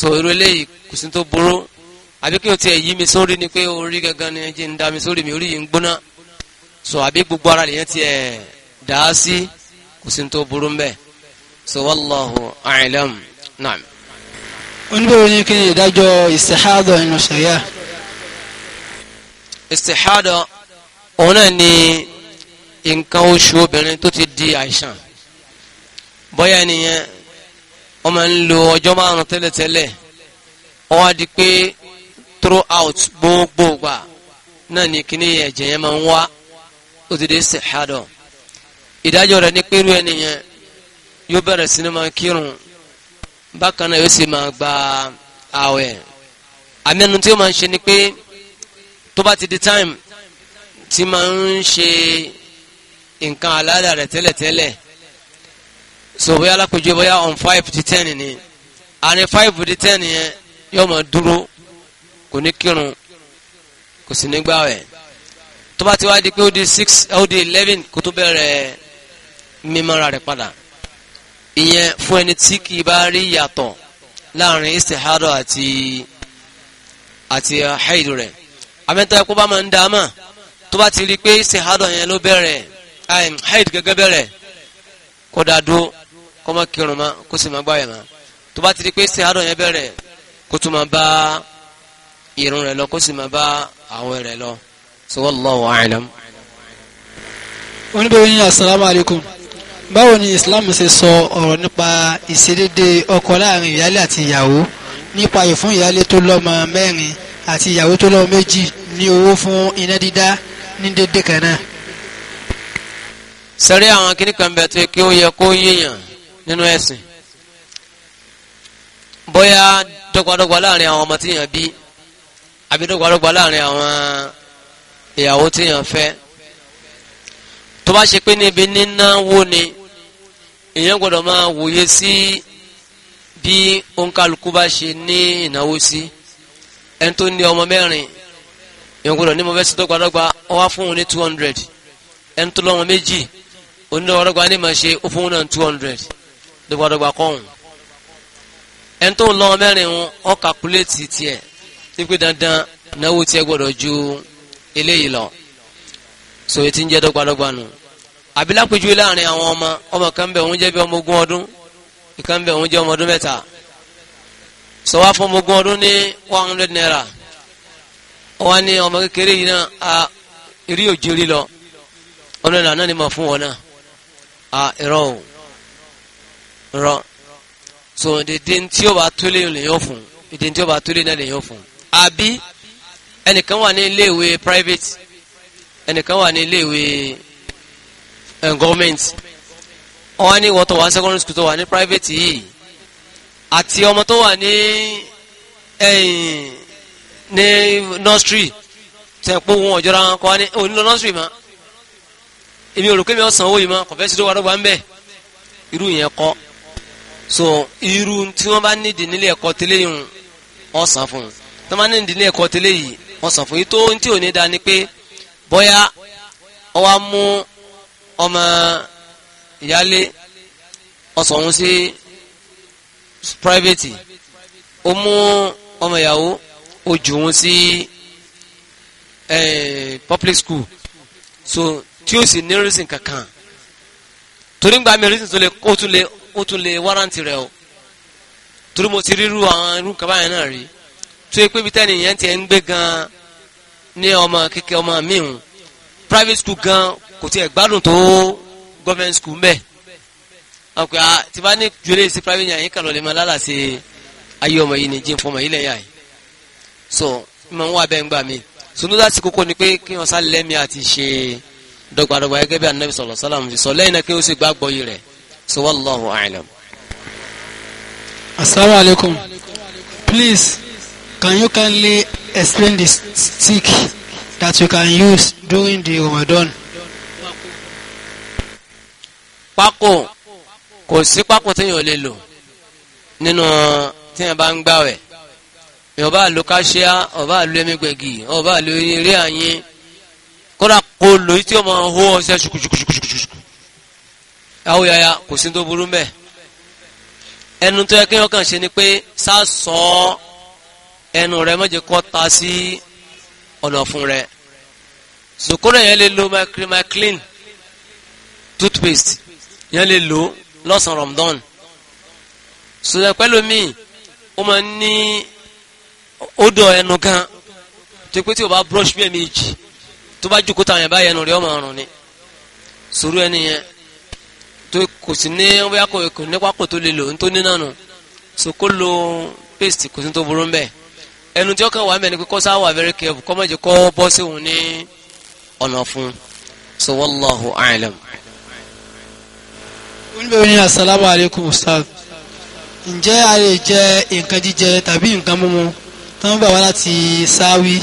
so irú eléyìí kò sí tó burú àbí kí o tiẹ̀ yí mi sórí ni pé orí gangan ni ẹ jẹ́ ń da mi sórí mi orí yìí ń gbóná so àbí gbogbo ara lèyàn ti ẹ̀ dá sí kò sí tó burú mbẹ́ so wallahu a'lam naam. oníbẹ̀rẹ̀ ní kí ni ìdájọ́ istihada nínú ṣẹ̀yà. istihada òun náà ni nǹkan oṣù obìnrin tó ti di àìsàn bóyá nìyẹn wọ́n máa ń lo ọjọ́ márùn tẹ́lẹ̀tẹ́lẹ̀ wọ́n wá di pé throughout gbogbo gbà náà ni kíní ẹ̀jẹ̀ yẹn máa ń wá ó ti dé sèhádọ̀ ìdájọ́ ní pẹ̀lú ẹni yẹn yóò bẹ̀rẹ̀ sí ni máa kírun bákan náà yóò sì máa gba àwẹ̀ àmẹ́nu tí ó máa ń ṣe ni pé tó bá ti di time tí máa ń ṣe nǹkan aláàdà rẹ̀ tẹ́lẹ̀tẹ́lẹ̀ so bóyá alákòjú bóyá on five to ten ni àárín five to ten yẹn yóò máa dúró kò ní kírun kò sì ní gbàwẹ̀ tó bá ti wá di pé ó di six ó di eleven kó tó bẹ̀rẹ̀ mímọ́ra rẹ̀ padà ìyẹn fún ẹni tí kì í bá rí yàtọ̀ láàrin istihada àti àti haidu rẹ̀ amẹ́tọ́ ẹ̀kọ́ bá máa ń dá mà tó bá ti rí pé istihada yẹn ló bẹ̀rẹ̀ haidu gẹ́gẹ́ bẹ̀rẹ̀ kó dáa dúró kó má kírun má kó sì má gbáyà má tó bá ti rí pé istihada yẹn bẹ̀rẹ̀ kó tó máa bá irun rẹ̀ lọ kó sì máa bá àwẹ̀ rẹ̀ lọ so wallahu a'lam. oníbẹ̀rẹ̀ ní asalaamu alaykum báwo ni islam ṣe sọ ọ̀rọ̀ nípa ìṣedédé ọkọ láàrin ìyálé àti ìyàwó nípa ìfún ìyálé tó lọ́mọ mẹ́rin àti ìyàwó tó lọ́mọ méjì ní owó fún iná dídá ní dédé kan náà. sẹ́rí àwọn kìnnìkan bẹ̀ tó kí ó yẹ kó yéèyàn nínú ẹ̀sìn bóyá dọ́gbadọ́gba láàrin àwọn ọmọ tí yàn bí àbí dọ́gbadọ́gba láàrin àwọn ìyàwó téèyàn fẹ́ tó bá ṣe pé níbi nínáwó ni èèyàn gbọ́dọ̀ máa wòye sí bí òǹkàlùkù bá ṣe ní ìnáwó sí ẹni tó ní ọmọ mẹ́rin èèyàn gbọ́dọ̀ ní mo fẹ́ sí dọ́gbadọ́gba ó fún òun ní two hundred ẹni tó lọ́mọ méjì onídọ́gbadọ́gba ní màá ṣe ó fún òun náà two hundred dọ́gbadọ́gba kọ́hún ẹni tó ń lọ́mọ mẹ́rin wọn ó kàkúlẹ̀tì tiẹ̀ tí pé dandan náwó tiẹ̀ gbọ́dọ̀ ju. eléyìí lọ so etí ń jẹ́ dọ́gbadọ́gba nù àbílápẹ̀jù láàrin àwọn ọmọ ọmọ kan bẹ̀ òun jẹ́ bí ọmọ ogún ọdún ìkan bẹ̀ òun jẹ́ ọmọ ọdún mẹ́ta sọ wá fún ọmọ ogún ọdún ní naira wọn ní ọmọ kékeré yìí náà a eré òjì rí lọ ọmọ náà náà ni mà a irọ́ o irọ́ so dèdè tí o bá tó lé lè yọ fún tí ẹnìkan wà ní iléèwé private ẹnìkan wà ní iléèwé eh, government wọ́n ní wọ́tọ̀ wá secondary school tó wà ní private yìí àti ọmọ tó wà ní eh, ní nursery tẹ̀pọ̀ wọn ọ̀jọ́ra wọn kọ́ ní onílọ nursery mọ́ èmi ò rò pé mi ọ̀sán owó yìí mọ́ kọ̀fẹ́ sí tó wà lọ́gbà ń bẹ̀ irú yẹn kọ́ so irú tí wọ́n bá nídìí nílé ẹ̀kọ́ tẹ́lẹ̀ yìí wọ́n sàn fún un tí wọ́n bá nídìí nílé ẹ̀kọ́ tẹ́lẹ̀ yìí wọ́n sọ fún yìí tó ohun tí ò ní da ni pé bóyá ọ wá mú ọmọ ìyálé ọsàn òun sí private ó mú ọmọ ìyàwó ó jù wọn sí public school so tí ó sì ní reason kankan torí gba mi reason tó lè ó tún lè ó tún lè warranty rẹ o torí mo ti ríru àwọn irú kaba yẹn náà rí tó yẹ pé bí tẹ́ni yẹn tiẹ̀ ń gbé gan ní ọmọ kékeré ọmọ míhun private school gan kò tiẹ̀ gbádùn tó government school mbẹ́ ọkọ̀ à tí bá ní jùlẹ̀ sí private yẹn kàn lọ́lẹ́ mọ́ lálàsí ayé ọmọ yìí ni jí fọmọ yìí lẹ́yà yìí so ìmọ̀ ń wà bẹ́ẹ̀ ń gbà mí so nígbà tí kókó ni pé kí wọ́n sá lẹ́mí àti ṣe dọ́gbadọ́gba gẹ́gẹ́ bí anabi sallallahu alaihi Assalamu alaikum. Please. Can you kindly explain the stick that you can use during the Ramadan? Pákò kò sí pákò téèyàn lè lò nínú téèyàn bá ń gbàwẹ̀ èèyàn bá lo káṣíá ọba lo ẹmígbẹ̀gì ọba lo eré àyín kódà kó lo tí ó máa hó ọṣẹ ṣùkùṣùkùṣùkùṣùkù àwòyàyà kò sí tó burú mbẹ ẹnu tó yẹ kéèyàn kàn ṣe ni pé sá sọ ọ ẹnu rẹ má jẹ́ kó ta sí ọ̀nàfun rẹ sòkòrò yẹn lè lo micromaclean toothpaste yẹn lè lo lọ́sàn Ramadan sòdà pẹ́lú mi ó máa ń ní odò ẹnu gan tó pé tí o bá brush bí ẹ̀mí jì tó bá jókòó táwọn yẹn bá yẹnu rẹ ọmọ ọrùn ni sòrò ẹni yẹn tó kò sí ní bóyá kò ní pákó tó lè lò ní tó ní nánu sòkòrò paste kò sí tó burú ń ẹnu tí ó kàn wá mẹ́ni pé kọ́sá wà very careful kọ́ mọ̀jẹ̀ kọ́ bọ́ sí òun ní ọ̀nà fún so wallahu a'lam. olùbẹ̀wò ní asalaamu aleykum ustaz ǹjẹ́ a lè jẹ nǹkan jíjẹ tàbí nǹkan mímu tó ń gbà wá láti sáwí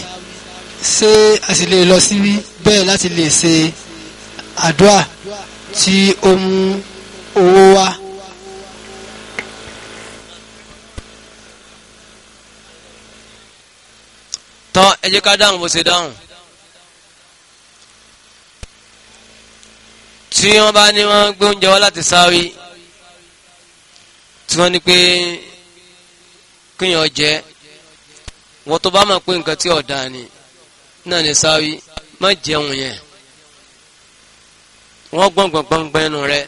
ṣé a sì lè lọ síbí bẹ́ẹ̀ láti lè ṣe àdúrà tí ó mú owó wá. tán ẹ jẹ́ ká dáhùn bó ṣe dáhùn tí wọ́n bá ní wọ́n gbé oúnjẹ wá láti sáré tí wọ́n ní pé kíyàn jẹ́ wọ́n tó bá mọ̀ pé nǹkan tí ọ̀dà ni náà ní sáré má jẹun yẹn wọ́n gbọ̀ngbọ̀n gbọ̀ngbọ̀n ẹnu rẹ̀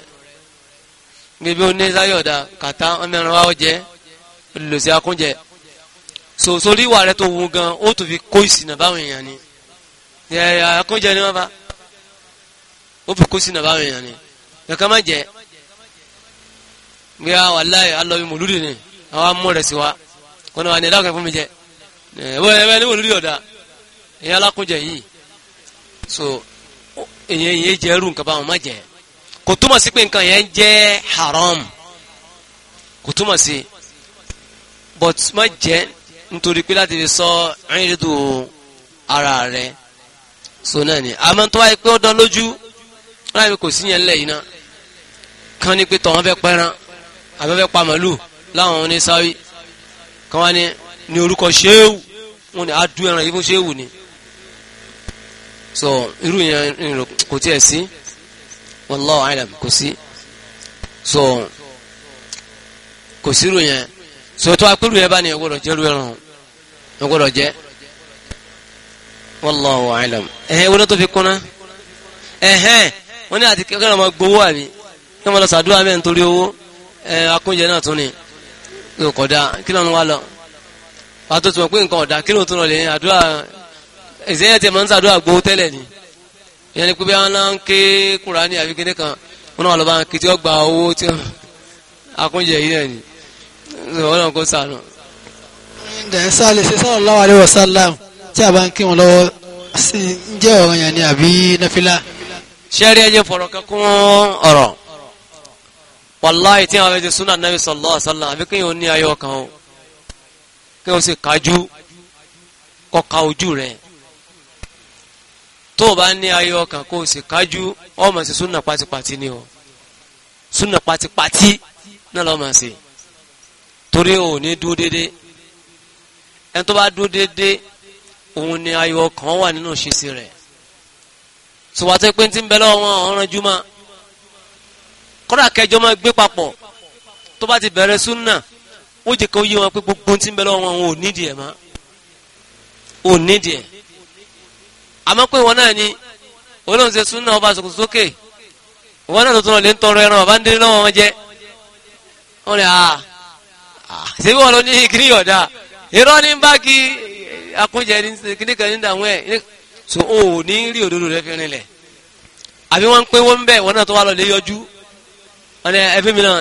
gbẹ̀bí oníṣáyọ̀dà kàtá ọmọ ẹran wa ó jẹ́ akúnjẹ so sórí ìwà rẹ tó wù gan ó tún fi kó ìsìnà báwọn èèyàn ni àkójẹ ni wọn bá ó fi kó ìsìnà báwọn èèyàn ni kankan má jẹ bí a wà láyé alọ́bí mòlúdì ni àwọn amú rẹ̀ sí wa kọ́nà wà ní ẹ̀dá kan fún mi jẹ ẹ̀wọ́ ẹ̀wọ́ ní mòlúdì ọ̀dà ẹ̀yà alákójẹ yìí so èyàn yìí jẹ́ ẹrù nǹkan báwọn má jẹ kò túmọ̀ sí pé nǹkan yẹn jẹ́ haram kò túmọ̀ sí but má jẹ́ nítorí pé láti fi sọ ríndù ara rẹ̀ so náà ni àmọ́ tó wáyé pé ó dán lójú wọn láti kò sí yẹn lẹ́yìn náà kan ní pé tọ̀hún fẹ́ pẹ́ran àbí fẹ́ pa màálù láwọn ní sáwí kan wá ní ní orúkọ ṣéwù wọn ni á dú ẹran yìí fún ṣéwù ni so irú yẹn kò tiẹ̀ sí wallahu alam kò sí so kò sírò yẹn so tó akérò yẹn bá ní ẹwọ́ lọ jẹ́rú ẹran wọn gbọ́dọ̀ jẹ wallahu alam ẹhẹn wọn tó fi kúnná ẹhẹn wọn ní àti kẹkẹ náà máa gbowó àbí kí wọn lọ sàdúrà mẹ nítorí owó ẹ akóúnjẹ náà tún ni yóò kọdá kí ló ń wá lọ wàá tó tún pé nǹkan ọ̀dà kí ló ń tún lọ lè ní àdúrà ìṣẹ́yẹ tiẹ̀ máa ń sàdúrà gbowó tẹ́lẹ̀ ni ìyẹn ni pé bí wọn náà ń ké kúránì àbí kíní kan wọn náà lọ bá ń kí tí wọn gba owó tí wọn akóúnjẹ yìí náà ni wọn náà kó sànù dẹ̀ẹ́sá lè ṣe sallallahu alaihi wasallam tí a bá ń kí wọn lọ́wọ́ sí ń jẹ́ ọ̀rọ̀ yẹn ni àbí náfìlà. sẹ́rí ẹ̀jẹ̀ fọ̀rọ̀ kan kún ọ̀rọ̀ wàláhì tí àwọn ẹ̀jẹ̀ súnà nàbì sallallahu alaihi wasallam àbí kéèyàn ní ayọ̀ kan o kéèyàn sì kájú kó ka ojú rẹ̀ tó o bá ní ayọ̀ kan kó o sì kájú ó máa ṣe súnà pátipàti ni o súnà pátipàti náà ló máa ṣe torí o ò ní dúró déédéé ẹni tó bá dúró déédéé òun ni ayọ̀ kan wà nínú ìṣesí rẹ̀ sọwọ́tẹ́ pé tí ń bẹ lọ́wọ́ wọn ọ̀ràn jùmọ̀ kọ́dà kẹjọ máa gbé papọ̀ tó bá ti bẹ̀rẹ̀ súnà ó jẹ́ kó yé wọn pé gbogbo tí ń bẹ lọ́wọ́ wọn ò nídìí ẹ̀ má ò nídìí ẹ̀ àmọ́ pé wọn náà ni olóhùn ṣe súnà ọba sòkò sókè wọn náà tó lè ń tọrọ ẹran ọba ń dé lọ́wọ́ wọn jẹ́ wọn ah, ah, ni àà ṣé wọn lọ ní kiri ọ̀dà ìrọ́ ní bá kí akúnjẹ kíníkan ní dàwọn ẹ̀ so o ò ní rí òdodo rẹ fi rinlẹ̀ àbí wọ́n ń pé wọ́n bẹ̀ wọ́n náà tó wà lọ́lẹ́ yọjú ọ̀nà ẹbí mi náà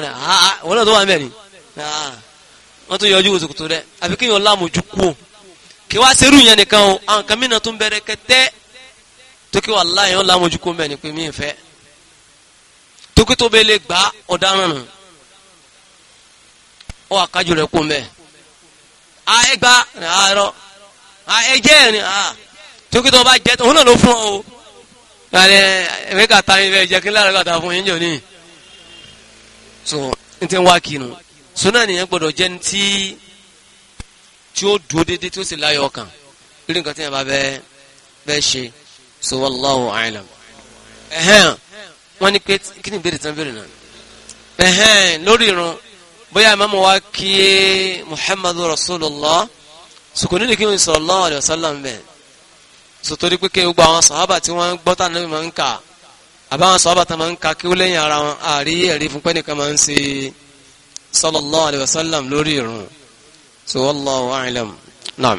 wọ́n náà tó wà ń bẹ̀ ni ah, wọ́n tó yọjú rẹ àbí kí kú o kí serú yẹn nìkan o àwọn ah, kan tó ń bẹ̀rẹ̀ kẹtẹ́ tó kí kú pé mí fẹ́ tó kí tó bẹ́ẹ̀ lè ẹgbà àárọ̀ ẹjẹ́ ni tó kí tó bá jẹ́ tó hún náà ló fún ọ o ẹ̀mí kàtà ìfẹ́ ìjẹ́ kí lára kàtà fún yín jọ ní so n ti wá kinu so náà nìyẹn gbọdọ̀ jẹ́ ní tí tí ó dúró déédéé tí ó sì láyọ̀ ọkàn lórí nǹkan tí yẹn bá bẹ́ẹ̀ bẹ́ẹ̀ ṣe so wallahu a'lam ẹ̀hẹ́n wọ́n ní pé kí ni ìbéèrè tí wọ́n béèrè náà ẹ̀hẹ́n lórí irun bóyá ìmáàmù wa kí muhammadu rasulullah sùkùnú ní kí n sallallahu alaihi wasallam bẹ́ẹ̀ sòtórí pé gbogbo àwọn sàhábà tí wọ́n gbọ́ tà níbi máa ń kà àbáwọn sàhábà tá máa ń ka kí ó lẹ́yìn ara wọn àrí ẹ̀rí fún pẹ́nìkan máa ń ṣe sallallahu alaihi wasallam lórí ìrùn so wallahu a'lam naam.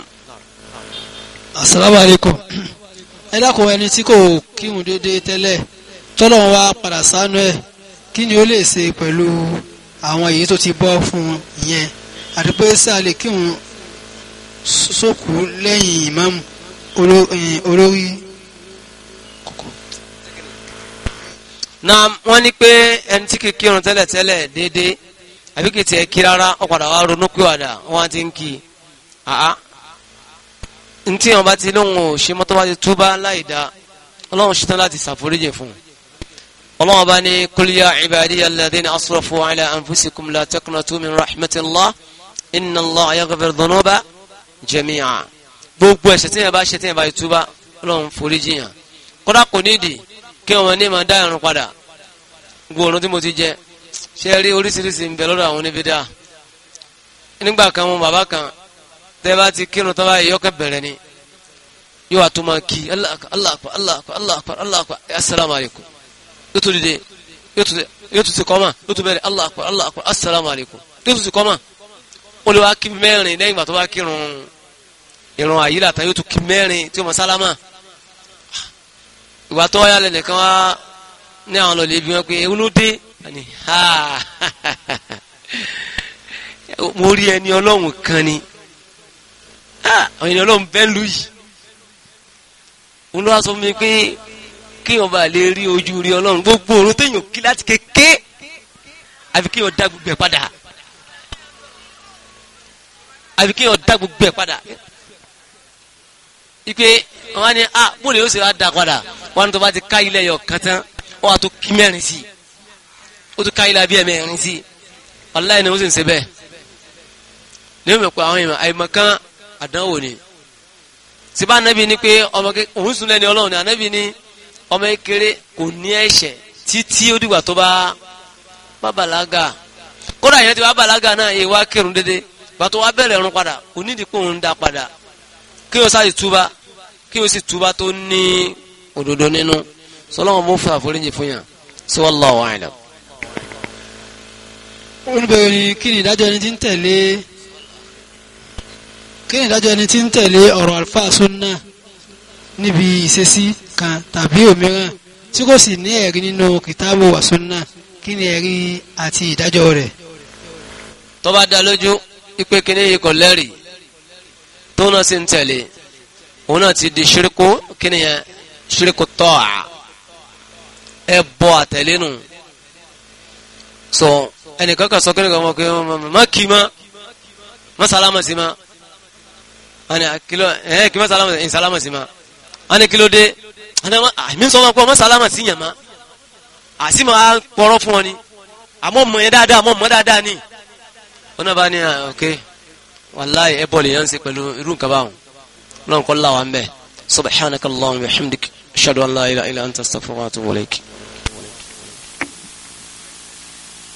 asalaamualeykum àwọn èyí tó ti bọ́ fún yẹn àti pé sáà lè kírun sókù lẹ́yìn ìmáàmù eh, olórí. na wọ́n ní pé ẹni tí kì í kírun tẹ́lẹ̀tẹ́lẹ̀ déédéé àbí kì í tiẹ̀ kí rárá ó padà wá ronú pé wàdà wọ́n ti ń kí i àá ntí wọn bá ti lóhùn ò ṣe mọ́tò bá ti túbá láì dá ọlọ́run ṣetán láti ṣàforíjì fún un ọlọ́wọ́n bá ní kúlíyà ìbàdíyà alladhina asrafu ala anfusikum la taqnatu min rahmatillah inna Allah yaghfir dhunuba jami'a gbogbo ẹ̀ṣẹ̀ tí bá ṣe bá túbá ọlọ́run forí jiyàn kódà kò nídìí kí wọn ní ma dá irun padà gbòòrùn tí mo ti jẹ ṣe rí oríṣiríṣi ń bẹ lọ́dọ̀ àwọn níbi dáa nígbà kan mo bàbá kan tẹ́ bá ti kírun tán báyìí yọkàn yóò wá kí Allahu Akbar Allahu Akbar Allahu Akbar Allahu Akbar assalamu yóò tó dìde yóò tó ti kọ́mà yóò tó bẹ̀rẹ̀ allah akbar allah akbar assalamu alaikum yóò tó ti kọ́mà ó lè wá kí mẹ́rin lẹ́yìn ìgbà tó bá kírun ìrun àyílà tán yóò tó kí mẹ́rin tí ó mọ sálámà ìgbà tó wáyà lẹ́nì kan wá ní àwọn lọ́lẹ̀ ibi wọn pé ewu ló dé ha mo rí ẹni ọlọ́run kan ni àwọn ènìyàn ọlọ́run bẹ́ẹ̀ lù yìí òun ló sọ fún mi pé kéèyàn bá lè rí ojú rí ọlọ́run gbogbo òrùn téèyàn kí láti kéké àfi kéèyàn dá gbogbo ẹ̀ padà àfi kéèyàn dá gbogbo ẹ̀ padà ipe wọn ni a bóde yóò ṣe wá dá padà wọn tó bá ti ká ilẹ̀ yọ kàtán wọn àtó kí mẹ́rin sí ó tó ká ilẹ̀ abí ẹ̀ sí wàláyé ni wọ́n sì ń ṣe bẹ́ẹ̀ lẹ́yìn mẹ́pọ̀ àwọn èèyàn àìmọ̀kan àdánwò ni síbá anábì ni pé ọmọ òun sùn lẹ́ni ọlọ́run ni anábì ni ọmọ ekele kò ní ẹ̀ṣẹ̀ títí ó dìgbà tó bá bá bàlágà kódà yẹn ti wá bàlágà náà yẹ wá kírun dédé bàtọ́ wá bẹ̀rẹ̀ ẹ̀rún padà kò ní ìdìpọ̀ òun dá padà kí o sáré túbá kí o sì túbá tó ní òdodo nínú sọlọ́wọ́n mú fún àforíjì fún yàn sí wallahu a'lam. olùbẹ̀rẹ̀ ni kí ni ìdájọ́ ẹni tí ń tẹ̀lé kí ni ìdájọ́ ẹni tí ń tẹ̀lé ọ̀rọ̀ àlùfáà sunna níbi ìṣesí kan tàbí òmíràn tí kò sì ní ẹ̀rí nínú kìtàbù wa sunna kí ni ẹ̀rí àti ìdájọ́ rẹ̀. tó bá dá lójú ipe kíní yìí kò lẹ́rìí tó náà sì ń tẹ̀lé òun náà ti di ṣíríkù kíní yẹn ṣíríkù tọ́à ẹ bọ́ àtẹ̀lénu sọ ẹnìkan kan sọ kíní kan mọ̀ pé má kì í má má sálámà sí má wọn ni kí ló ẹ kí má sálámà wọ́n ní kí ló dé àmì ah, sọ wọn pé ọmọ sálámà sí yàn má àti ah, máa pọ̀rọ̀ fún ọ ni àmọ́ ah, mọ̀ yẹn dáadáa àmọ́ mọ̀ dáadáa ni wọ́n náà bá ní ok wàláì ẹ bọ́ọ̀lù yẹn ń ṣe pẹ̀lú irú nǹkan báwọn náà kọ́ láwa ń bẹ̀ subhanakallahumma wa bihamdik ashhadu an la ilaha illa anta astaghfiruka wa